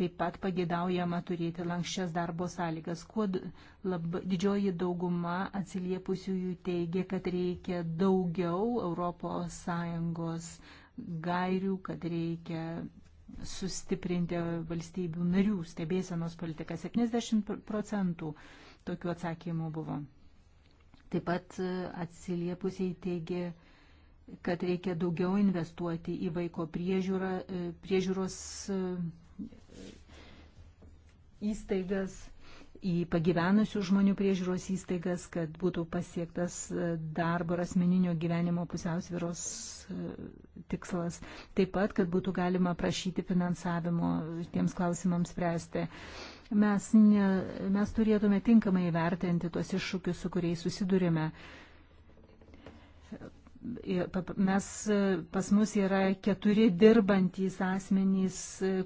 taip pat pagėdaujama turėti lankščias darbo sąlygas. Kuo lab, didžioji dauguma atsiliepusiųjų teigia, kad reikia daugiau ES gairių, kad reikia sustiprinti valstybių narių stebėsenos politiką. 70 procentų tokių atsakymų buvo. Taip pat e, atsiliepusiai teigė, kad reikia daugiau investuoti į vaiko priežiūrą, e, priežiūros e, įstaigas, į pagyvenusių žmonių priežiūros įstaigas, kad būtų pasiektas darbo ir asmeninio gyvenimo pusiausviros tikslas. Taip pat, kad būtų galima prašyti finansavimo tiems klausimams spręsti mes, ne, mes turėtume tinkamai vertinti tuos iššūkius, su kuriais susidurime. Mes, pas mus yra keturi dirbantys asmenys,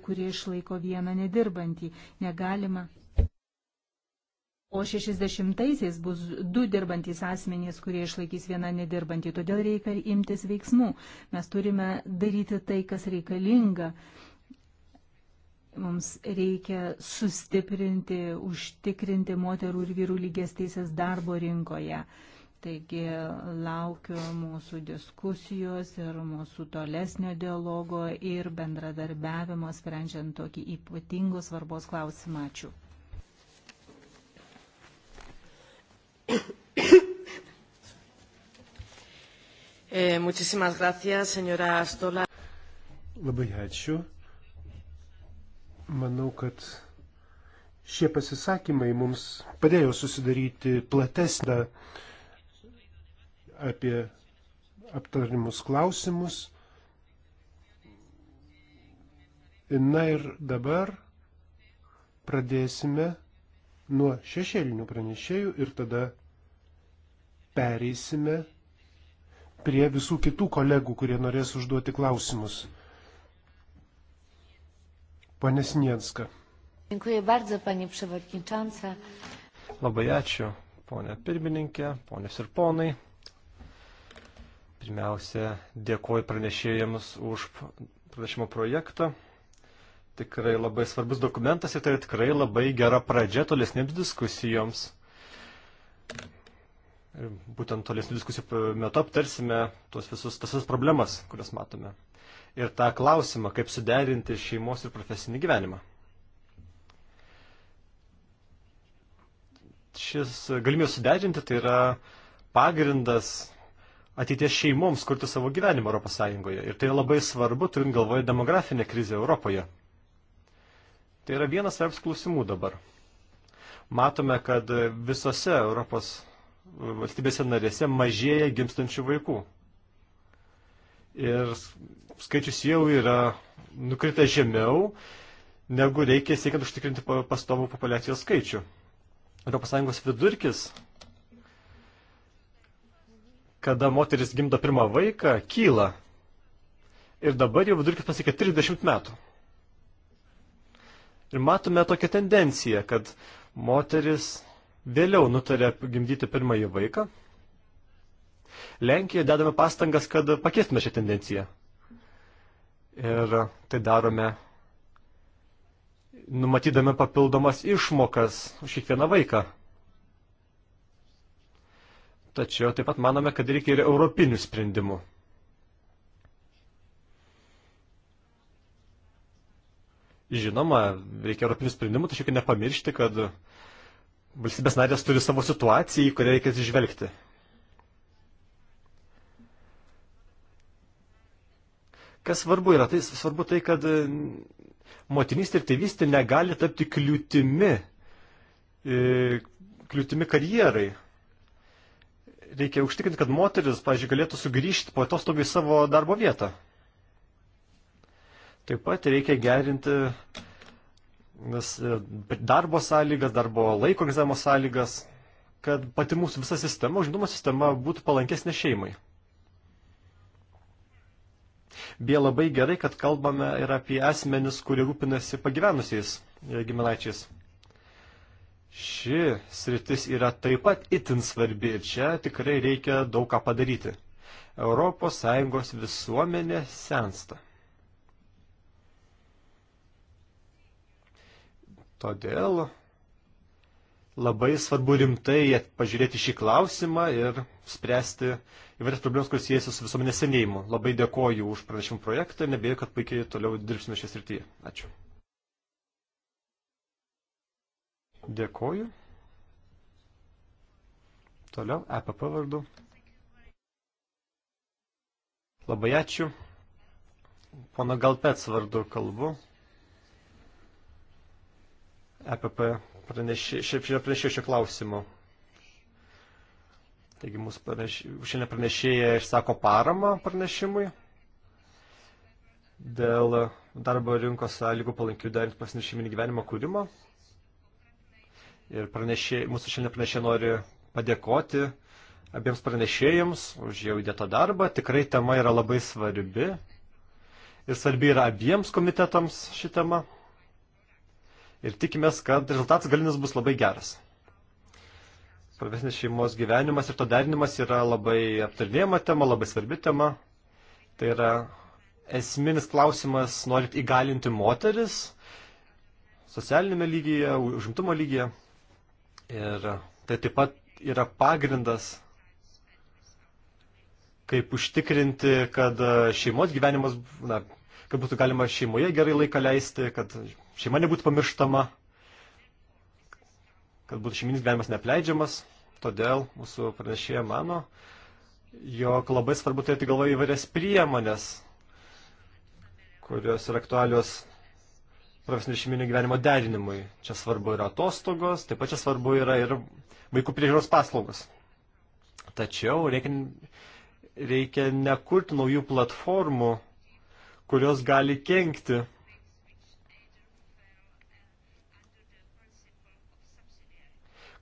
kurie išlaiko vieną nedirbantį. Negalima. O 60-aisiais bus du dirbantys asmenys, kurie išlaikys vieną nedirbantį. Todėl reikia imtis veiksmų. Mes turime daryti tai, kas reikalinga. Uh, Mums reikia sustiprinti, užtikrinti moterų ir vyrų lygės teisės darbo rinkoje. Taigi laukiu mūsų diskusijos ir mūsų tolesnio dialogo ir bendradarbiavimo sprendžiant tokį ypatingos svarbos klausimą. Ačiū. Eh, muchísimas gracias, señora Stola. Labai ačiū. Manau, kad šie pasisakymai mums padėjo susidaryti platesnę apie aptarimus klausimus. Na ir dabar pradėsime nuo šešėlinių pranešėjų ir tada pereisime prie visų kitų kolegų, kurie norės užduoti klausimus. Pane Sniecka. Dziękuję bardzo, panie przewodnicząca. Labai ačiū, ponė pirmininkė, ponės ir ponai. Pirmiausia, dėkoju pranešėjams už pranešimo projektą. Tikrai labai svarbus dokumentas ir tai tikrai labai gera pradžia tolesnėms diskusijoms. Ir būtent tolesnių diskusijų metu aptarsime tos visus, tas visas problemas, kurias matome ir tą klausimą, kaip suderinti šeimos ir profesinį gyvenimą. Šis galimybė suderinti tai yra pagrindas ateities šeimoms kurti savo gyvenimą Europos Sąjungoje. Ir tai labai svarbu, turint galvoje demografinę krizę Europoje. Tai yra vienas svarbus klausimų dabar. Matome, kad visose Europos valstybėse narėse mažėja gimstančių vaikų ir skaičius jau yra nukritęs žemiau, negu reikia siekiant užtikrinti pastovų populiacijos skaičių. ES vidurkis, kada moteris gimdo pirmą vaiką, kyla. Ir dabar jau vidurkis pasiekia 30 metų. Ir matome tokią tendenciją, kad moteris vėliau nutarė gimdyti pirmąjį vaiką, Lenkijoje dedame pastangas, kad pakeistume šią tendenciją. Ir tai darome numatydami papildomas išmokas už kiekvieną vaiką. Tačiau taip pat manome, kad reikia ir europinių sprendimų. Žinoma, reikia europinių sprendimų, tačiau reikia nepamiršti, kad valstybės narės turi savo situaciją, į kurią reikia atsižvelgti. Kas svarbu yra, tai svarbu tai, kad e, motinystė ir tėvystė negali tapti kliūtimi, e, kliūtimi karjerai. Reikia užtikrinti, kad moteris, pažiūrėjau, galėtų sugrįžti po atostogų į savo darbo vietą. Taip pat reikia gerinti nes, e, darbo sąlygas, darbo laiko egzamo sąlygas, kad pati mūsų visa sistema, užimtumo sistema būtų palankesnė šeimai. Bie labai gerai, kad kalbame ir apie asmenis, kurie rūpinasi pagyvenusiais e, giminaičiais. Ši sritis yra taip pat itin svarbi ir čia tikrai reikia daug ką padaryti. ES visuomenė sensta. Todėl labai svarbu rimtai pažiūrėti šį klausimą ir spręsti įvairias problemas, kurios siejasi su visuomenės senėjimu. Labai dėkoju už pranešimų projektą ir nebėjau, kad puikiai toliau dirbsime šią srityje. Ačiū. Dėkoju. Toliau, EPP vardu. Labai ačiū. Pono Galpets vardu kalbu. EPP pranešė, šiandien pranešė šio klausimo. Taigi mūsų praneš, šiandien pranešėja išsako paramą pranešimui dėl darbo rinkos sąlygų palankių derint pasinį šeiminį gyvenimą kūrimo. Ir pranešė, mūsų šiandien pranešė nori padėkoti abiems pranešėjams už jau įdėtą darbą. Tikrai tema yra labai svarbi. Ir svarbi yra abiems komitetams ši tema ir tikimės, kad rezultatas galinis bus labai geras. Profesinis šeimos gyvenimas ir to derinimas yra labai aptarnėjama tema, labai svarbi tema. Tai yra esminis klausimas, norint įgalinti moteris socialinėme lygyje, užimtumo lygyje. Ir tai taip pat yra pagrindas, kaip užtikrinti, kad šeimos gyvenimas, na, kad būtų galima šeimoje gerai laiką leisti, kad šeima nebūtų pamirštama, kad būtų šeiminis gyvenimas neapleidžiamas. Todėl mūsų pranešėja mano, jog labai svarbu turėti galvoje įvairias priemonės, kurios yra aktualios profesinio šeiminio gyvenimo derinimui. Čia svarbu yra atostogos, taip pat čia svarbu yra ir vaikų priežiūros paslaugos. Tačiau reikia, reikia nekurti naujų platformų, kurios gali kenkti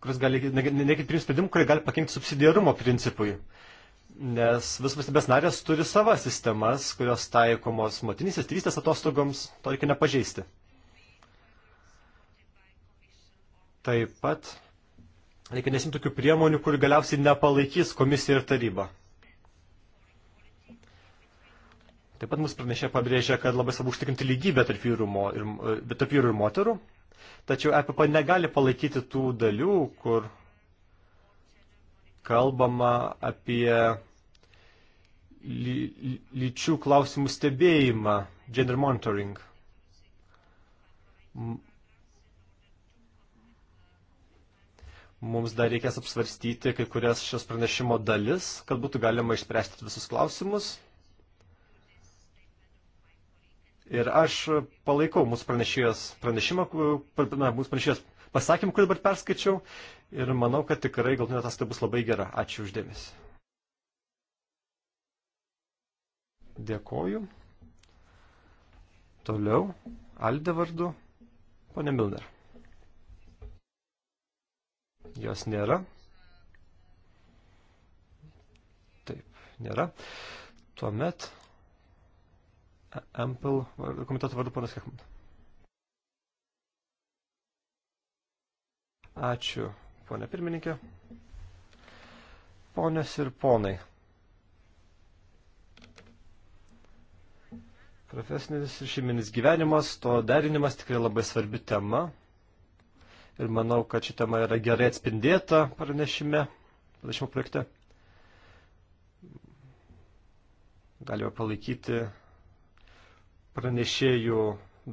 kuris gali, nereikia priimti sprendimų, kurie gali pakengti subsidiarumo principui. Nes vis valstybės narės turi savo sistemas, kurios taikomos motinysės, tėvystės atostogoms, to reikia nepažeisti. Taip pat reikia nesimti tokių priemonių, kurių galiausiai nepalaikys komisija ir taryba. Taip pat mūsų pranešė pabrėžė, kad labai svarbu užtikrinti lygybę tarp vyrų ir e, moterų Tačiau EPP negali palaikyti tų dalių, kur kalbama apie ly lyčių klausimų stebėjimą, gender monitoring. Mums dar reikės apsvarstyti kai kurias šios pranešimo dalis, kad būtų galima išspręsti visus klausimus. Ir aš palaikau mūsų pranešėjos pranešimą, na, mūsų pranešėjos pasakymą, kurį dabar perskaičiau. Ir manau, kad tikrai galtinė tas tai bus labai gera. Ačiū uždėmesi. Dėkoju. Toliau. Alde vardu. Pone Milner. Jos nėra. Taip, nėra. Tuomet Ampel komiteto vardu ponas Kechman. Ačiū, ponė pirmininkė. Ponės ir ponai. Profesinis ir šeiminis gyvenimas, to derinimas tikrai labai svarbi tema. Ir manau, kad ši tema yra gerai atspindėta pranešime, pranešimo projekte. Galime palaikyti pranešėjų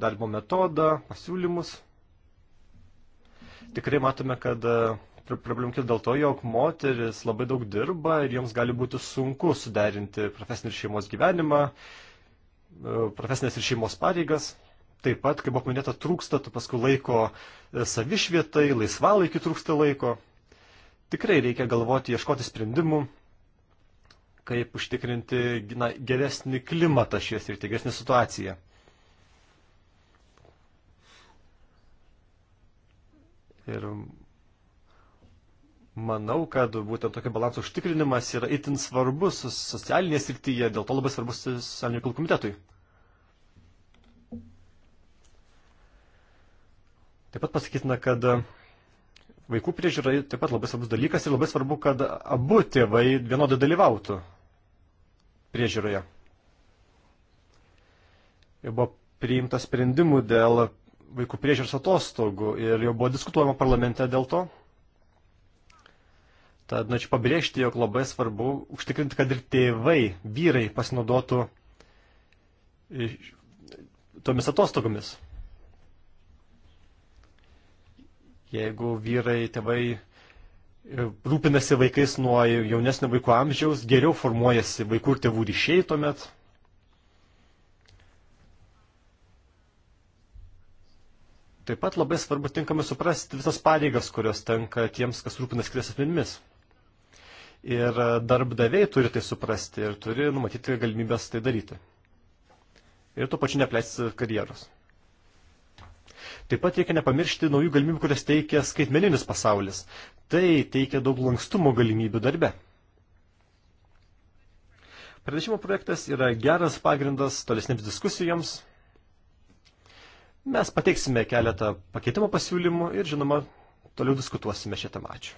darbo metodą, pasiūlymus. Tikrai matome, kad e, problemų kil dėl to, jog moteris labai daug dirba ir joms gali būti sunku suderinti profesinį ir šeimos gyvenimą, e, profesinės ir šeimos pareigas. Taip pat, kaip buvo minėta, trūksta paskui laiko e, savišvietai, laisvalaikiu trūksta laiko. Tikrai reikia galvoti, ieškoti sprendimų, kaip užtikrinti na, geresnį klimatą šioje srityje, geresnį situaciją. Ir manau, kad būtent tokio balanso užtikrinimas yra itin svarbus socialinėje srityje, dėl to labai svarbus socialinių reikalų komitetui. Taip pat pasakytina, kad vaikų priežiūra taip pat labai svarbus dalykas ir labai svarbu, kad abu tėvai vienodai dalyvautų priežiūroje. Jau buvo priimta sprendimų dėl vaikų priežiūros atostogų ir jau buvo diskutuojama parlamente dėl to. Tad norėčiau nu, pabrėžti, jog labai svarbu užtikrinti, kad ir tėvai, vyrai pasinaudotų tomis atostogomis. Jeigu vyrai, tėvai rūpinasi vaikais nuo jaunesnio vaiko amžiaus, geriau formuojasi vaikų ir tėvų ryšiai tuomet. Taip pat labai svarbu tinkamai suprasti visas pareigas, kurios tenka tiems, kas rūpinasi kitais asmenimis. Ir darbdaviai turi tai suprasti ir turi numatyti galimybės tai daryti. Ir tuo pačiu nepleisti karjeros. Taip pat reikia nepamiršti naujų galimybių, kurias teikia skaitmeninis pasaulis. Tai teikia daug lankstumo galimybių darbe. Pranešimo projektas yra geras pagrindas tolesnėms diskusijoms. Mes pateiksime keletą pakeitimo pasiūlymų ir, žinoma, toliau diskutuosime šią temą. Ačiū.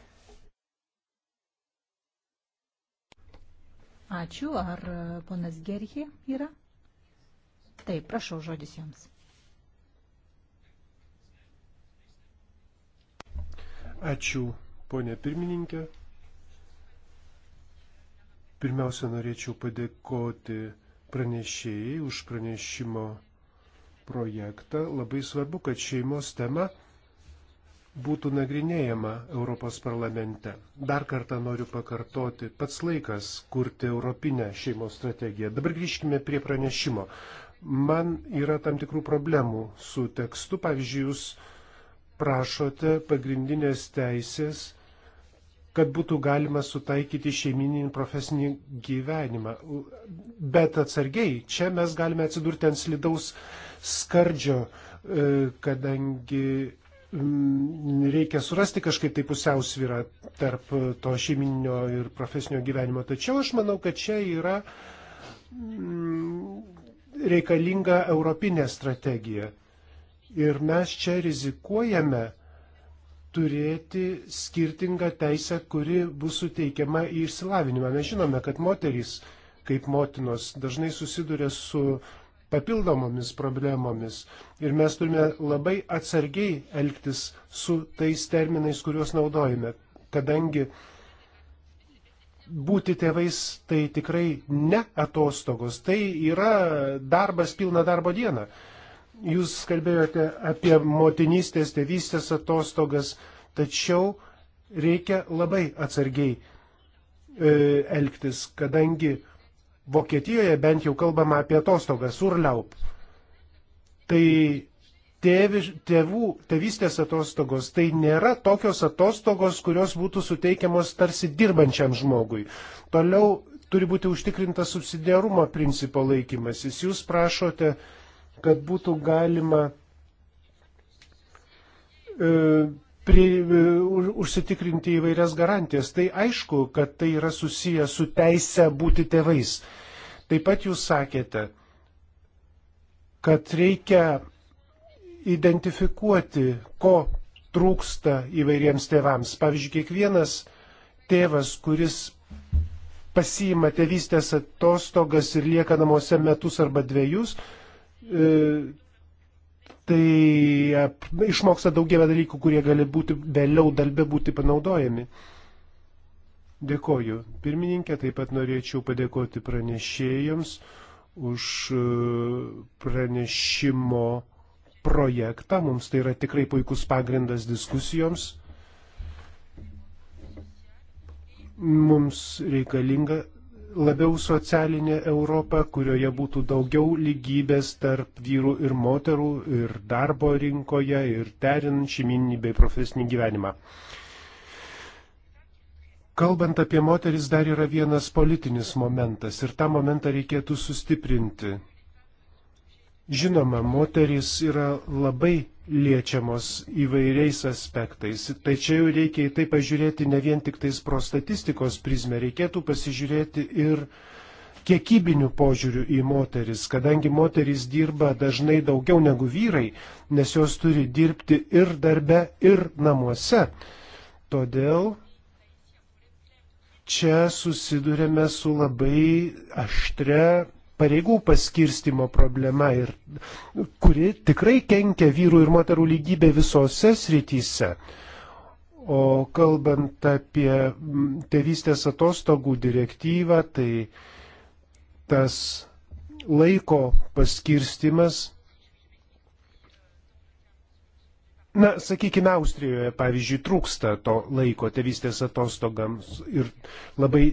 Ačiū. Ar ponas Gerhė yra? Taip, prašau, žodis jums. Ačiū, ponė pirmininkė. Pirmiausia, norėčiau padėkoti pranešėjai už pranešimo projektą. Labai svarbu, kad šeimos tema būtų nagrinėjama Europos parlamente. Dar kartą noriu pakartoti, pats laikas kurti Europinę šeimos strategiją. Dabar grįžkime prie pranešimo. Man yra tam tikrų problemų su tekstu. Pavyzdžiui, jūs prašote pagrindinės teisės, kad būtų galima sutaikyti šeimininį profesinį gyvenimą. Bet atsargiai, čia mes galime atsidurti ant slidaus skardžio, e, kadangi mm, reikia surasti kažkaip tai pusiausvyrą tarp to šeimininio ir profesinio gyvenimo. Tačiau aš manau, kad čia yra mm, reikalinga europinė strategija. Ir mes čia rizikuojame turėti skirtingą teisę, kuri bus suteikiama į išsilavinimą. Mes žinome, kad moterys kaip motinos dažnai susiduria su papildomomis problemomis ir mes turime labai atsargiai elgtis su tais terminais, kuriuos naudojame, kadangi būti tėvais tai tikrai ne atostogos, tai yra darbas pilna darbo diena. Jūs kalbėjote apie motinystės, tėvystės atostogas, tačiau reikia labai atsargiai e, elgtis, kadangi Vokietijoje bent jau kalbama apie atostogas, urliaup. Tai tėvi, tėvų, tėvystės atostogos tai nėra tokios atostogos, kurios būtų suteikiamos tarsi dirbančiam žmogui. Toliau turi būti užtikrintas subsidiarumo principo laikymasis. Jūs prašote e, kad būtų galima e, pri, e, užsitikrinti įvairias garantijas. Tai aišku, kad tai yra susiję su teise būti tėvais. Taip pat jūs sakėte, kad reikia identifikuoti, ko trūksta įvairiems tėvams. Pavyzdžiui, kiekvienas tėvas, kuris pasiima tėvystės atostogas ir lieka namuose metus arba dviejus, E, tai išmoksta daugybę dalykų, kurie gali būti vėliau darbe būti panaudojami. Dėkoju. Pirmininkė, taip pat norėčiau padėkoti pranešėjams už e, pranešimo projektą. Mums tai yra tikrai puikus pagrindas diskusijoms. Mums reikalinga labiau socialinė Europa, kurioje būtų daugiau lygybės tarp vyrų ir moterų ir darbo rinkoje ir derinant šeiminį bei profesinį gyvenimą. Kalbant apie moteris, dar yra vienas politinis momentas ir tą momentą reikėtų sustiprinti. Žinoma, moteris yra labai liečiamos įvairiais aspektais. Tai čia jau reikia į tai pažiūrėti ne vien tik tais pro statistikos prizmę, reikėtų pasižiūrėti ir kiekybinių požiūrių į moteris, kadangi moteris dirba dažnai daugiau negu vyrai, nes jos turi dirbti ir darbe, ir namuose. Todėl čia susidurėme su labai aštre pareigų paskirstimo problema, ir, kuri tikrai kenkia vyrų ir moterų lygybė visose srityse. O kalbant apie tėvystės atostogų direktyvą, tai tas laiko paskirstimas, na, sakykime, Austrijoje, pavyzdžiui, trūksta to laiko tėvystės atostogams ir labai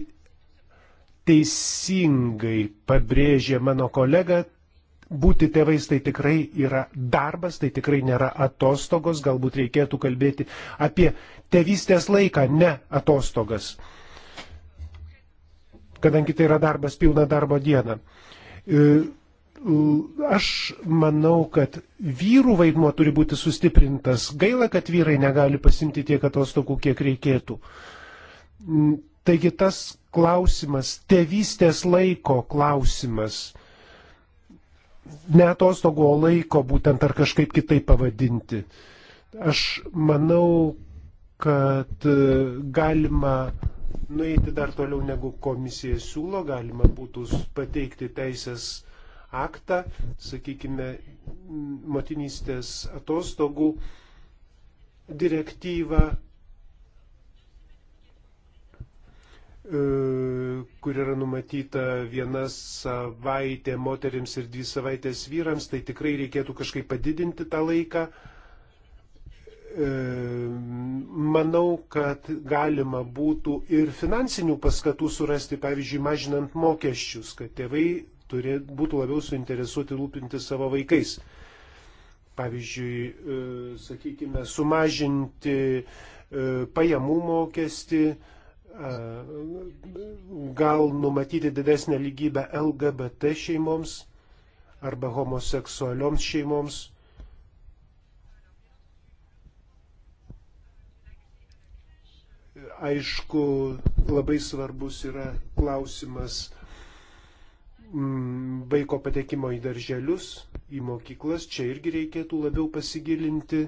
teisingai pabrėžė mano kolega, būti tėvais tai tikrai yra darbas, tai tikrai nėra atostogos, galbūt reikėtų kalbėti apie tėvystės laiką, ne atostogas, kadangi tai yra darbas pilną darbo dieną. E, aš manau, kad vyrų vaidmuo turi būti sustiprintas. Gaila, kad vyrai negali pasimti tiek atostogų, kiek reikėtų Taigi tas klausimas, tėvystės laiko klausimas, ne atostogo laiko būtent ar kažkaip kitaip pavadinti. Aš manau, kad e, galima nueiti dar toliau negu komisija siūlo, galima būtų pateikti teisės aktą, sakykime, motinystės atostogų direktyvą E, kur yra numatyta viena savaitė moteriams ir dvi savaitės vyrams, tai tikrai reikėtų kažkaip padidinti tą laiką. E, manau, kad galima būtų ir finansinių paskatų surasti, pavyzdžiui, mažinant mokesčius, kad tėvai turė, būtų labiau suinteresuoti rūpinti savo vaikais. Pavyzdžiui, e, sakykime, sumažinti pajamų mokestį, gal numatyti didesnę lygybę LGBT šeimoms arba homoseksualioms šeimoms. Aišku, labai svarbus yra klausimas mm, vaiko patekimo į darželius, į mokyklas, čia irgi reikėtų labiau pasigilinti,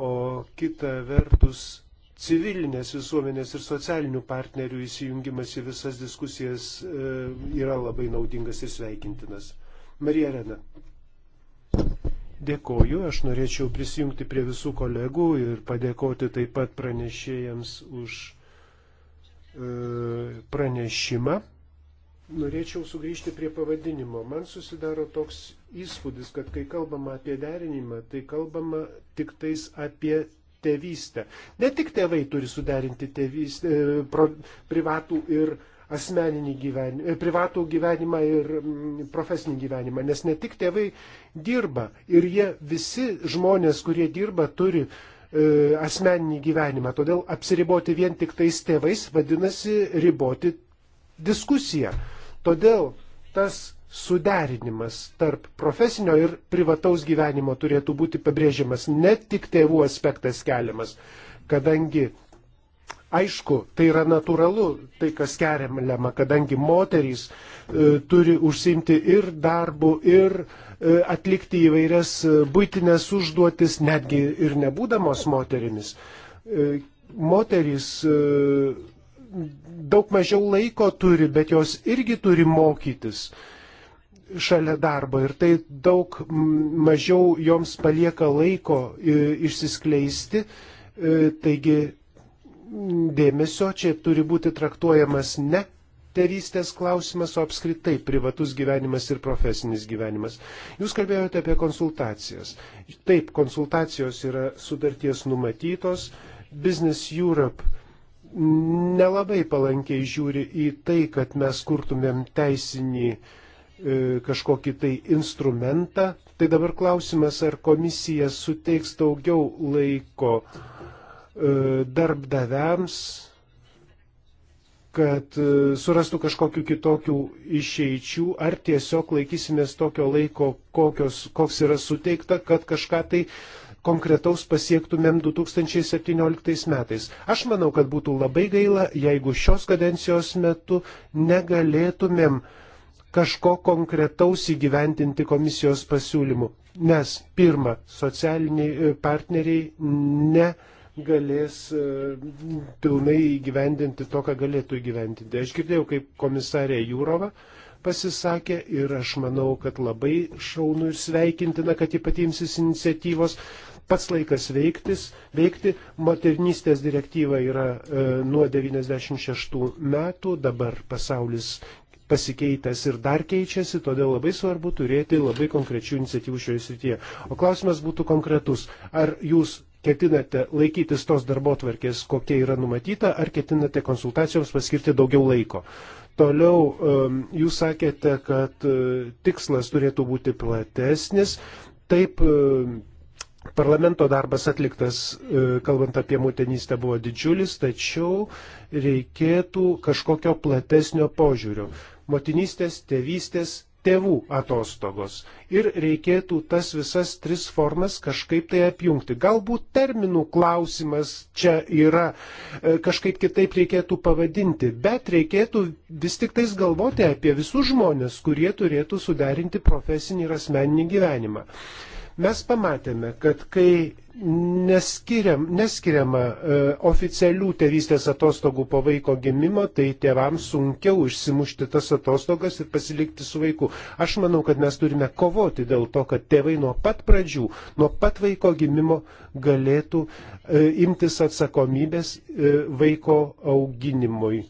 o kita vertus civilinės visuomenės ir socialinių partnerių įsijungimas į visas diskusijas e, yra labai naudingas ir sveikintinas. Marija Rena. Dėkoju, aš norėčiau prisijungti prie visų kolegų ir padėkoti taip pat pranešėjams už e, pranešimą. Norėčiau sugrįžti prie pavadinimo. Man susidaro toks įspūdis, kad kai kalbama apie derinimą, tai kalbama tik tais apie tėvystę. Ne tik tėvai turi suderinti tėvystę, e, pro, privatų ir asmeninį gyvenimą, e, privatų gyvenimą ir mm, profesinį gyvenimą, nes ne tik tėvai dirba ir jie visi žmonės, kurie dirba, turi e, asmeninį gyvenimą. Todėl apsiriboti vien tik tais tėvais vadinasi riboti diskusiją. Todėl tas suderinimas tarp profesinio ir privataus gyvenimo turėtų būti pabrėžiamas, ne tik tėvų aspektas keliamas, kadangi Aišku, tai yra natūralu, tai kas keriama, kadangi moterys e, turi užsimti ir darbu, ir e, atlikti įvairias e, būtinės užduotis, netgi ir nebūdamos moterimis. E, moterys e, daug mažiau laiko turi, bet jos irgi turi mokytis. E, šalia darbo ir tai daug mažiau joms palieka laiko išsiskleisti, taigi dėmesio čia turi būti traktuojamas ne tėvystės klausimas, o apskritai privatus gyvenimas ir profesinis gyvenimas. Jūs kalbėjote apie konsultacijas. Taip, konsultacijos yra sudarties numatytos. Business Europe nelabai palankiai žiūri į tai, kad mes kurtumėm teisinį uh, E, kažkokį tai instrumentą. Tai dabar klausimas, ar komisija suteiks daugiau laiko e, darbdaviams, kad e, surastų kažkokiu kitokių išeičių, ar tiesiog laikysimės tokio laiko, kokios, koks yra suteikta, kad kažką tai konkretaus pasiektumėm 2017 metais. Aš manau, kad būtų labai gaila, jeigu šios kadencijos metu negalėtumėm uh, kažko konkretaus įgyventinti komisijos pasiūlymu. Nes, pirma, socialiniai e, partneriai ne galės e, pilnai įgyvendinti to, ką galėtų įgyvendinti. Aš girdėjau, kaip komisarė Jūrova pasisakė ir aš manau, kad labai šaunu ir sveikintina, kad ji patimsis iniciatyvos. Pats laikas veiktis, veikti. Maternystės direktyva yra e, nuo 96 metų, dabar pasaulis pasikeitęs ir dar keičiasi, todėl labai svarbu turėti labai konkrečių iniciatyvų šioje srityje. O klausimas būtų konkretus. Ar jūs ketinate laikytis tos darbo tvarkės, kokia yra numatyta, ar ketinate konsultacijoms paskirti daugiau laiko? Toliau jūs sakėte, kad e, tikslas turėtų būti platesnis. Taip, e, parlamento darbas atliktas, e, kalbant apie motinystę, buvo didžiulis, tačiau reikėtų kažkokio platesnio požiūrio motinystės, tėvystės, tėvų atostogos. Ir reikėtų tas visas tris formas kažkaip tai apjungti. Galbūt terminų klausimas čia yra, e, kažkaip kitaip reikėtų pavadinti, bet reikėtų vis tik tais galvoti apie visus žmonės, kurie turėtų suderinti profesinį ir asmeninį gyvenimą. Mes pamatėme, kad kai neskiriam, neskiriama e, oficialių tėvystės atostogų po vaiko gimimo, tai tėvams sunkiau išsimušti tas atostogas ir pasilikti su vaiku. Aš manau, kad mes turime kovoti dėl to, kad tėvai nuo pat pradžių, nuo pat vaiko gimimo galėtų e, imtis atsakomybės e, vaiko auginimui.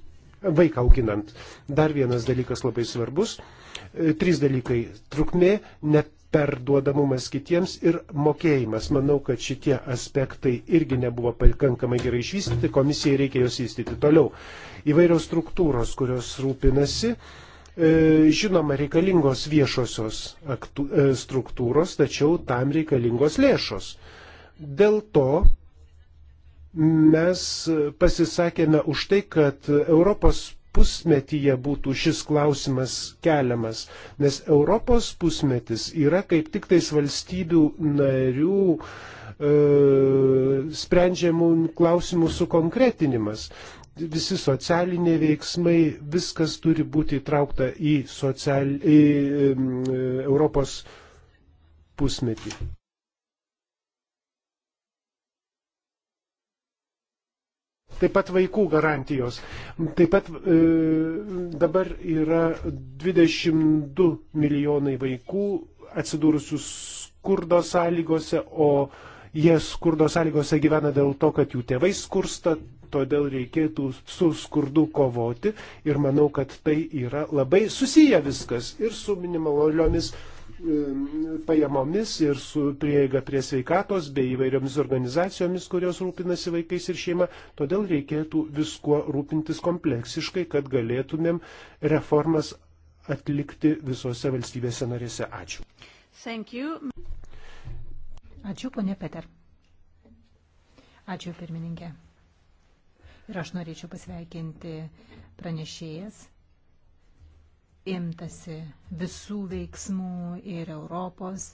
Vaiką auginant. Dar vienas dalykas labai svarbus. E, trys dalykai. Trukmė, net perduodamumas kitiems ir mokėjimas. Manau, kad šitie aspektai irgi nebuvo pakankamai gerai išvystyti, komisijai reikia juos įstyti toliau. Įvairios struktūros, kurios rūpinasi, e, žinoma, reikalingos viešosios e, struktūros, tačiau tam reikalingos lėšos. Dėl to mes pasisakėme už tai, kad Europos pusmetyje būtų šis klausimas keliamas, nes Europos pusmetis yra kaip tik tais valstybių narių e, sprendžiamų klausimų sukonkretinimas. Visi socialiniai veiksmai, viskas turi būti įtraukta į, social, į e, Europos pusmetį. Taip pat vaikų garantijos. Taip pat e, dabar yra 22 milijonai vaikų atsidūrusių skurdo sąlygose, o jie skurdo sąlygose gyvena dėl to, kad jų tėvai skursta, todėl reikėtų su skurdu kovoti ir manau, kad tai yra labai susiję viskas ir su minimaliomis pajamomis ir su prieiga prie sveikatos bei įvairiomis organizacijomis, kurios rūpinasi vaikais ir šeima. Todėl reikėtų viskuo rūpintis kompleksiškai, kad galėtumėm reformas atlikti visose valstybėse narėse. Ačiū. Ačiū, ponė Peter. Ačiū, pirmininkė. Ir aš norėčiau pasveikinti pranešėjas imtasi visų veiksmų ir Europos,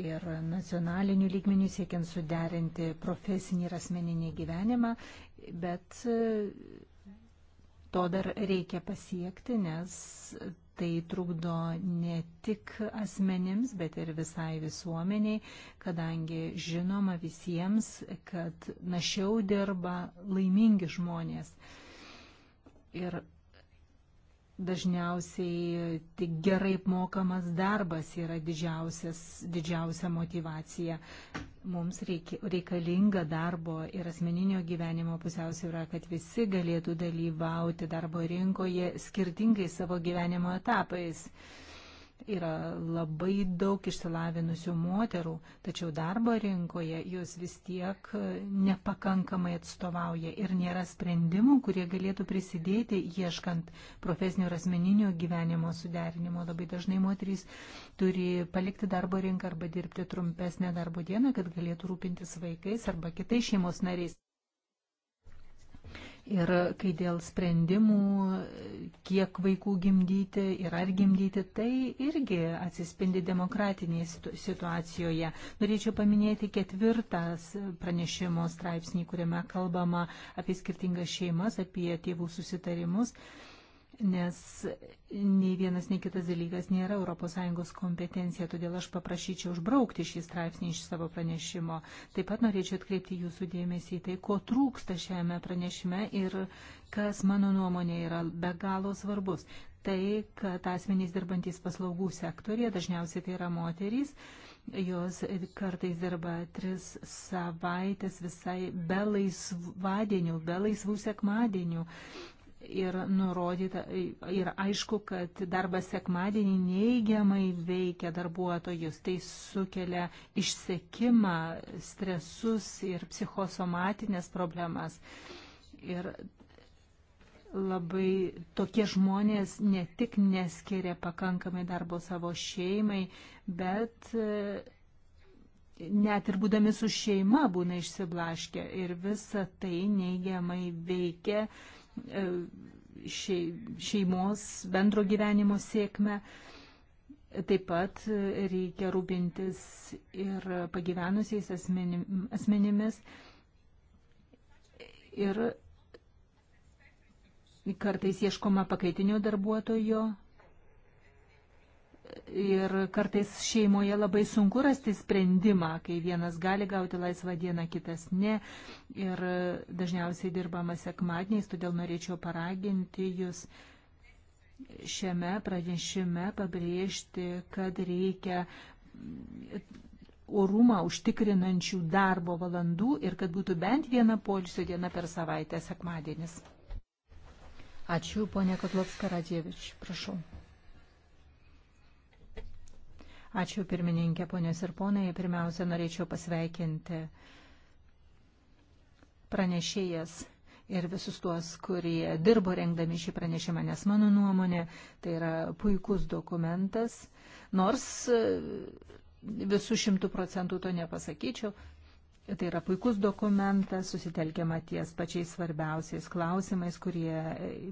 ir nacionalinių lygmenių siekiant suderinti profesinį ir asmeninį gyvenimą, bet e, to dar reikia pasiekti, nes tai trukdo ne tik asmenims, bet ir visai visuomeniai, kadangi žinoma visiems, kad našiau dirba laimingi žmonės. Ir dažniausiai tik gerai apmokamas darbas yra didžiausia motivacija. Mums reikia, reikalinga darbo ir asmeninio gyvenimo pusiausvyrą, kad visi galėtų dalyvauti darbo rinkoje skirtingai savo gyvenimo etapais. Uh, Yra labai daug išsilavinusių moterų, tačiau darbo rinkoje jos vis tiek e, nepakankamai atstovauja ir nėra sprendimų, kurie galėtų prisidėti ieškant profesinio ir asmeninio gyvenimo suderinimo. Labai dažnai moterys turi palikti darbo rinką arba dirbti trumpesnę darbo dieną, kad galėtų rūpintis vaikais arba kitais šeimos nariais. Ir kai dėl sprendimų, kiek vaikų gimdyti ir ar gimdyti, tai irgi atsispindi demokratinėje situacijoje. Norėčiau paminėti ketvirtas pranešimo straipsnį, kuriame kalbama apie skirtingas šeimas, apie tėvų susitarimus nes nei vienas, nei kitas dalykas nėra ES kompetencija, todėl aš paprašyčiau užbraukti šį straipsnį iš savo pranešimo. Taip pat norėčiau atkreipti jūsų dėmesį į tai, ko trūksta šiame pranešime ir kas mano nuomonė yra be galo svarbus. Tai, kad asmenys dirbantys paslaugų sektorėje, dažniausiai tai yra moterys, jos kartais dirba tris savaitės visai be laisvadienių, be laisvų sekmadienių ir nurodyta, ir aišku, kad darbas sekmadienį neigiamai veikia darbuotojus, tai sukelia išsekimą, stresus ir psichosomatinės problemas. Ir labai tokie žmonės ne tik neskiria pakankamai darbo savo šeimai, bet e, net ir būdami su šeima būna išsiblaškę ir visa tai neigiamai veikia uh, E, šeimos bendro gyvenimo sėkmę. Taip pat reikia rūpintis ir pagyvenusiais asmenimis. Ir kartais ieškoma pakaitinio darbuotojo Ir kartais šeimoje labai sunku rasti sprendimą, kai vienas gali gauti laisvą dieną, kitas ne. Ir dažniausiai dirbama sekmadieniais, todėl norėčiau paraginti jūs šiame pranešime pabrėžti, kad reikia orumą užtikrinančių darbo valandų ir kad būtų bent viena polisio diena per savaitę sekmadienis. Ačiū, ponė Kotlovska Radievič, prašau. Ačiū pirmininkė, ponės ir ponai. Pirmiausia, norėčiau pasveikinti pranešėjas ir visus tuos, kurie dirbo rengdami šį pranešimą, nes mano nuomonė tai yra puikus dokumentas, nors e, visų šimtų procentų to nepasakyčiau, Tai yra puikus dokumentas, susitelkiama ties pačiais svarbiausiais klausimais, kurie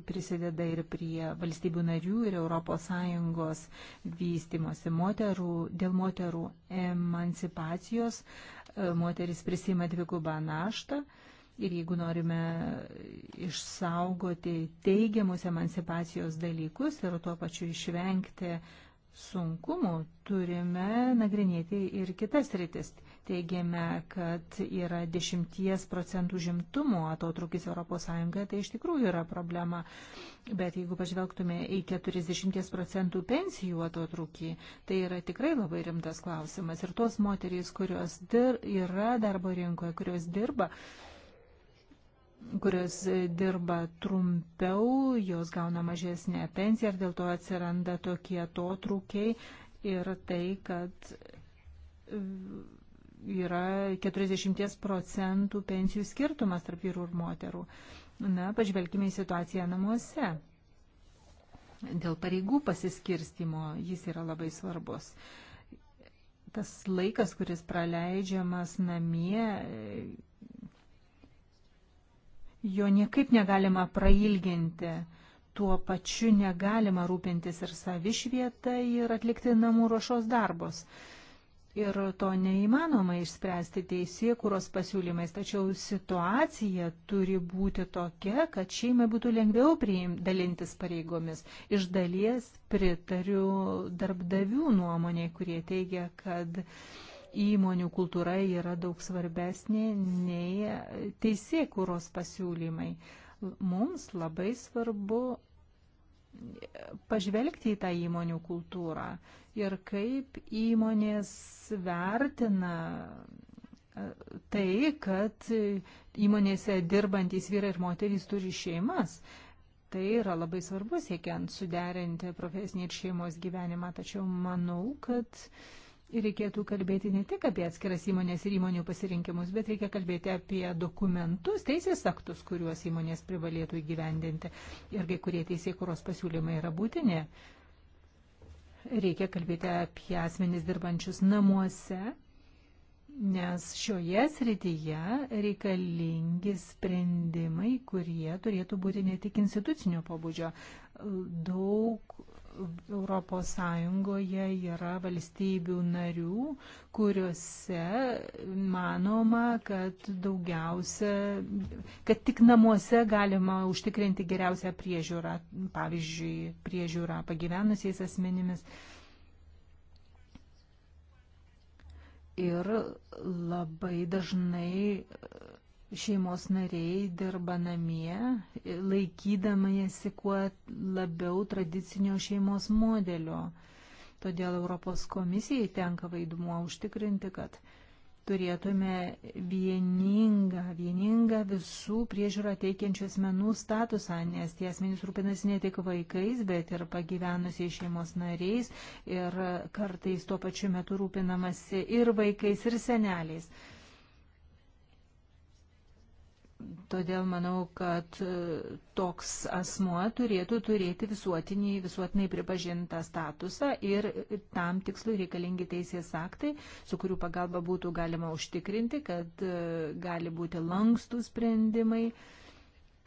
prisideda ir prie valstybių narių ir ES vystimosi moterų, dėl moterų emancipacijos. E, moteris prisima dvigubą naštą. Ir jeigu norime išsaugoti teigiamus emancipacijos dalykus ir tuo pačiu išvengti sunkumų, turime nagrinėti ir kitas rytis teigiame, kad yra 10 procentų žimtumo atotrukis ES, tai iš tikrųjų yra problema. Bet jeigu pažvelgtume į 40 procentų pensijų atotrukį, tai yra tikrai labai rimtas klausimas. Ir tos moterys, kurios dir, yra darbo rinkoje, kurios dirba, kurios dirba trumpiau, jos gauna mažesnę pensiją ir dėl to atsiranda tokie atotrukiai ir tai, kad yra 40 procentų pensijų skirtumas tarp vyrų ir moterų. Na, pažvelkime į situaciją namuose. Dėl pareigų pasiskirstimo jis yra labai svarbus. Tas laikas, kuris praleidžiamas namie, jo niekaip negalima prailginti tuo pačiu negalima rūpintis ir savišvieta ir atlikti namų ruošos darbus ir to neįmanoma išspręsti teisėkūros pasiūlymais, tačiau situacija turi būti tokia, kad šeimai būtų lengviau priim, dalintis pareigomis. Iš dalies pritariu darbdavių nuomonė, kurie teigia, kad įmonių kultūra yra daug svarbesnė nei teisėkūros pasiūlymai. Mums labai svarbu pažvelgti į tą įmonių kultūrą ir kaip įmonės vertina e, tai, kad įmonėse dirbantys vyrai ir moterys turi šeimas. Tai yra labai svarbu siekiant suderinti profesinį ir šeimos gyvenimą, tačiau manau, kad uh, reikėtų kalbėti ne tik apie atskiras įmonės ir įmonių pasirinkimus, bet reikia kalbėti apie dokumentus, teisės aktus, kuriuos įmonės privalėtų įgyvendinti. Ir kai kurie teisėjai, kurios pasiūlymai yra būtini. Reikia kalbėti apie asmenys dirbančius namuose, nes šioje srityje reikalingi sprendimai, kurie turėtų būti ne tik institucinio pobūdžio. Daug Europos Sąjungoje yra valstybių narių, kuriuose manoma, kad daugiausia, kad tik namuose galima užtikrinti geriausią priežiūrą, pavyzdžiui, priežiūrą pagyvenusiais asmenimis. Ir labai dažnai šeimos nariai dirba namie, laikydamasi kuo labiau tradicinio šeimos modelio. Todėl Europos komisijai tenka vaidmuo užtikrinti, kad turėtume vieningą, vieningą visų priežiūrą teikiančių asmenų statusą, nes tie asmenys rūpinasi ne tik vaikais, bet ir pagyvenusiais šeimos nariais ir kartais tuo pačiu metu rūpinamasi ir vaikais, ir seneliais. Todėl manau, kad e, toks asmuo turėtų turėti visuotinį, visuotinai pripažintą statusą ir tam tikslui reikalingi teisės aktai, su kurių pagalba būtų galima užtikrinti, kad e, gali būti lankstų sprendimai,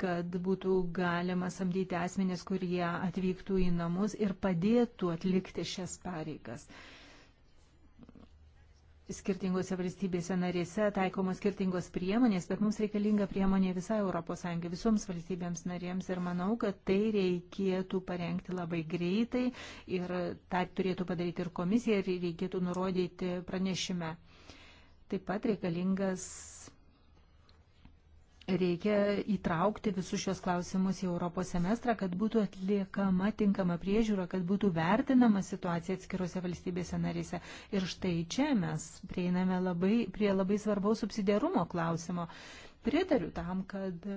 kad būtų galima samdyti asmenės, kurie atvyktų į namus ir padėtų atlikti šias pareigas skirtingose valstybėse narėse taikomos skirtingos priemonės, bet mums reikalinga priemonė visai ES, visoms valstybėms narėms ir manau, kad tai reikėtų parengti labai greitai ir tą turėtų padaryti ir komisija ir reikėtų nurodyti pranešime. Taip pat reikalingas reikia įtraukti visus šios klausimus į Europos semestrą, kad būtų atliekama tinkama priežiūra, kad būtų vertinama situacija atskirose valstybėse narėse. Ir štai čia mes prieiname labai, prie labai svarbaus subsidiarumo klausimo. Pritariu tam, kad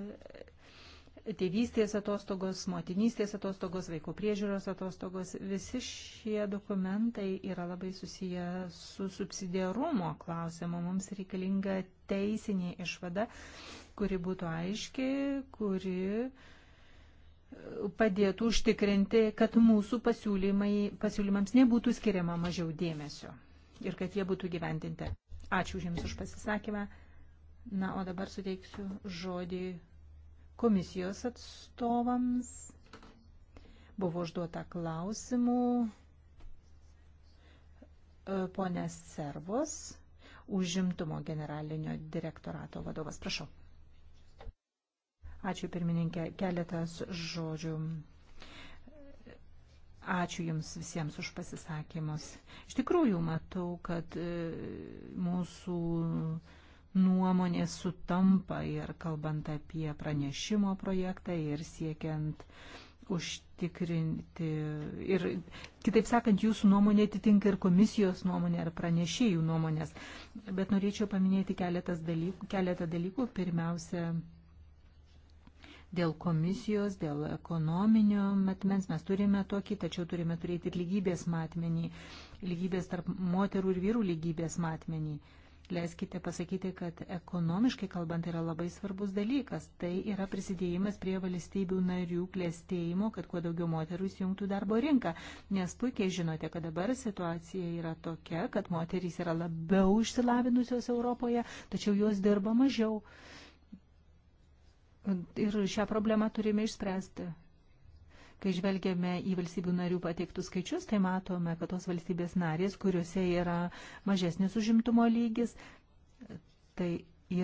tėvystės atostogos, motinystės atostogos, vaiko priežiūros atostogos, visi šie dokumentai yra labai susiję su subsidiarumo klausimu. Mums reikalinga teisinė išvada, kuri būtų aiški, kuri e, padėtų užtikrinti, kad mūsų pasiūlymams nebūtų skiriama mažiau dėmesio ir kad jie būtų gyventinti. Ačiū Jums už pasisakymą. Na, o dabar suteiksiu žodį komisijos atstovams. Buvo užduota klausimų. E, Pone Servos, užimtumo generalinio direktorato vadovas. Prašau. Ačiū pirmininkė, keletas žodžių. Ačiū Jums visiems už pasisakymus. Iš tikrųjų matau, kad e, mūsų nuomonės sutampa ir kalbant apie pranešimo projektą ir siekiant užtikrinti. Ir kitaip sakant, jūsų nuomonė atitinka ir komisijos nuomonė, ar pranešėjų nuomonės. Bet norėčiau paminėti keletas dalykų, keletą dalykų. Pirmiausia, dėl komisijos, dėl ekonominio matmens. Mes turime tokį, tačiau turime turėti ir lygybės matmenį, lygybės tarp moterų ir vyrų lygybės matmenį. Leiskite pasakyti, kad ekonomiškai kalbant yra labai svarbus dalykas. Tai yra prisidėjimas prie valstybių narių klėstėjimo, kad kuo daugiau moterų įsijungtų darbo rinką. Nes puikiai žinote, kad dabar situacija yra tokia, kad moterys yra labiau išsilavinusios Europoje, tačiau jos dirba mažiau. Ir šią problemą turime išspręsti. Kai žvelgiame į valstybių narių pateiktus skaičius, tai matome, kad tos valstybės narės, kuriuose yra mažesnis užimtumo lygis, tai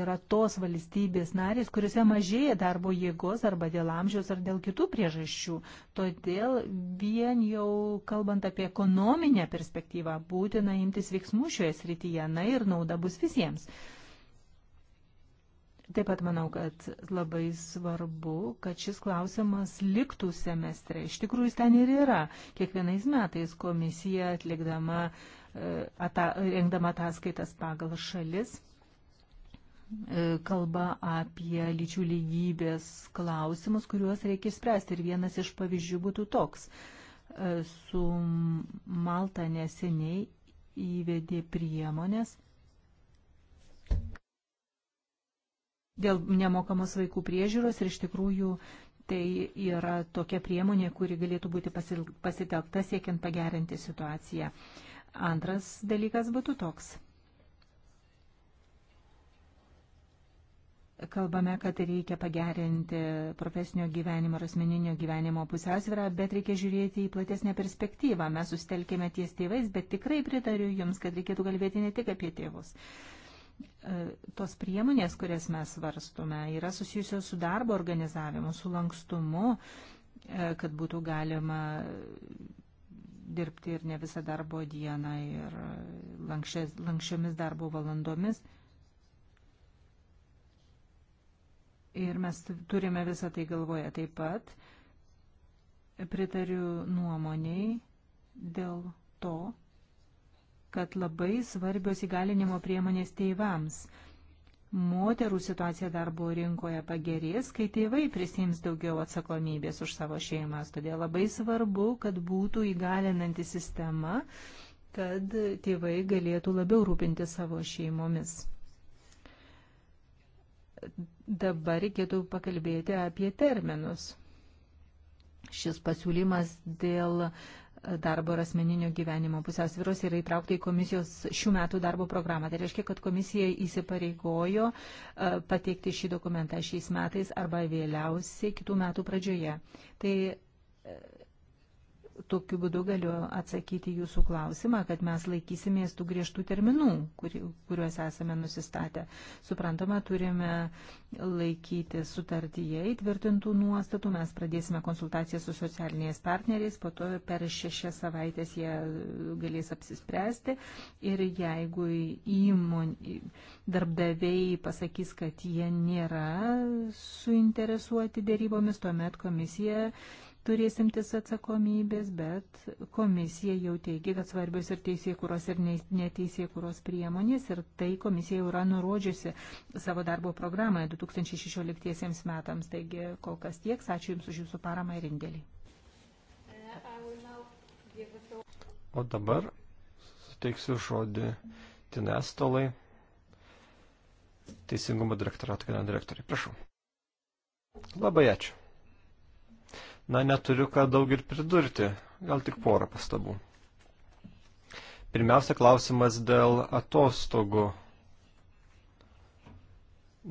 yra tos valstybės narės, kuriuose mažėja darbo jėgos arba dėl amžiaus ar dėl kitų priežasčių. Todėl vien jau kalbant apie ekonominę perspektyvą būtina imtis veiksmų šioje srityje, na ir nauda bus visiems. Taip pat manau, kad labai svarbu, kad šis klausimas liktų semestre. Iš tikrųjų, jis ten ir yra. Kiekvienais metais komisija atlikdama, e, ata, rengdama ataskaitas pagal šalis e, kalba apie lyčių lygybės klausimus, kuriuos reikia spręsti. Ir vienas iš pavyzdžių būtų toks. E, su Malta neseniai įvedė priemonės dėl nemokamos vaikų priežiūros ir iš tikrųjų tai yra tokia priemonė, kuri galėtų būti pasitelkta siekiant pagerinti situaciją. Antras dalykas būtų toks. Kalbame, kad reikia pagerinti profesinio gyvenimo ir asmeninio gyvenimo pusiausvyrą, bet reikia žiūrėti į platesnę perspektyvą. Mes sustelkėme ties tėvais, bet tikrai pritariu Jums, kad reikėtų kalbėti ne tik apie tėvus. E, tos priemonės, kurias mes svarstume, yra susijusios su darbo organizavimu, su lankstumu, e, kad būtų galima dirbti ir ne visą darbo dieną ir lankščias, lankščiomis darbo valandomis. Ir mes turime visą tai galvoje taip pat. Pritariu nuomoniai dėl to, kad labai svarbios įgalinimo priemonės tėvams. Moterų situacija darbo rinkoje pagerės, kai tėvai prisims daugiau atsakomybės už savo šeimas. Todėl labai svarbu, kad būtų įgalinanti sistema, kad tėvai galėtų labiau rūpinti savo šeimomis. Dabar reikėtų pakalbėti apie terminus. Šis pasiūlymas dėl uh, darbo ir asmeninio gyvenimo pusiausvyros yra įtraukta į komisijos šių metų darbo programą. Tai reiškia, kad komisija įsipareigojo e, pateikti šį dokumentą šiais metais arba vėliausiai kitų metų pradžioje. Tai e, tokiu būdu galiu atsakyti jūsų klausimą, kad mes laikysimės tų griežtų terminų, kuriuos esame nusistatę. Suprantama, turime laikyti sutartyje įtvirtintų nuostatų, mes pradėsime konsultaciją su socialiniais partneriais, po to per šešias savaitės jie galės apsispręsti ir jeigu įmon, darbdaviai pasakys, kad jie nėra suinteresuoti dėrybomis, tuomet komisija turės imtis atsakomybės, bet komisija jau teigia, kad svarbios ir teisėkuros ir neteisėkuros priemonės ir tai komisija jau yra nurodžiusi savo darbo programoje 2016 metams. Taigi kol kas tieks, ačiū Jums už Jūsų paramą ir indėlį. O dabar suteiksiu žodį Tinestolai, Teisingumo direktorato generalinė direktorė. Prašau. Labai ačiū. Na, neturiu ką daug ir pridurti, gal tik porą pastabų. Pirmiausia klausimas dėl atostogų.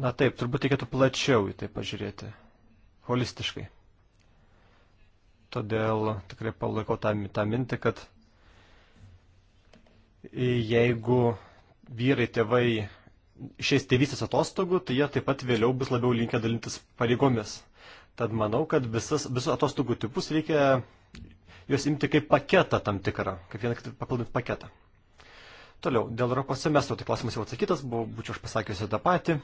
Na taip, turbūt reikėtų plačiau į tai pažiūrėti, holistiškai. Todėl tikrai palaikau tą, tą mintį, kad jeigu vyrai tėvai išės tėvystės atostogų, tai jie taip pat vėliau bus labiau linkę dalintis pareigomis. Tad manau, kad visas, visus atostogų tipus reikia juos imti kaip paketą tam tikrą, kaip vieną kitą papildant paketą. Toliau, dėl Europos semestro, tai klausimas jau atsakytas, buvo, būčiau aš pasakiusi tą patį.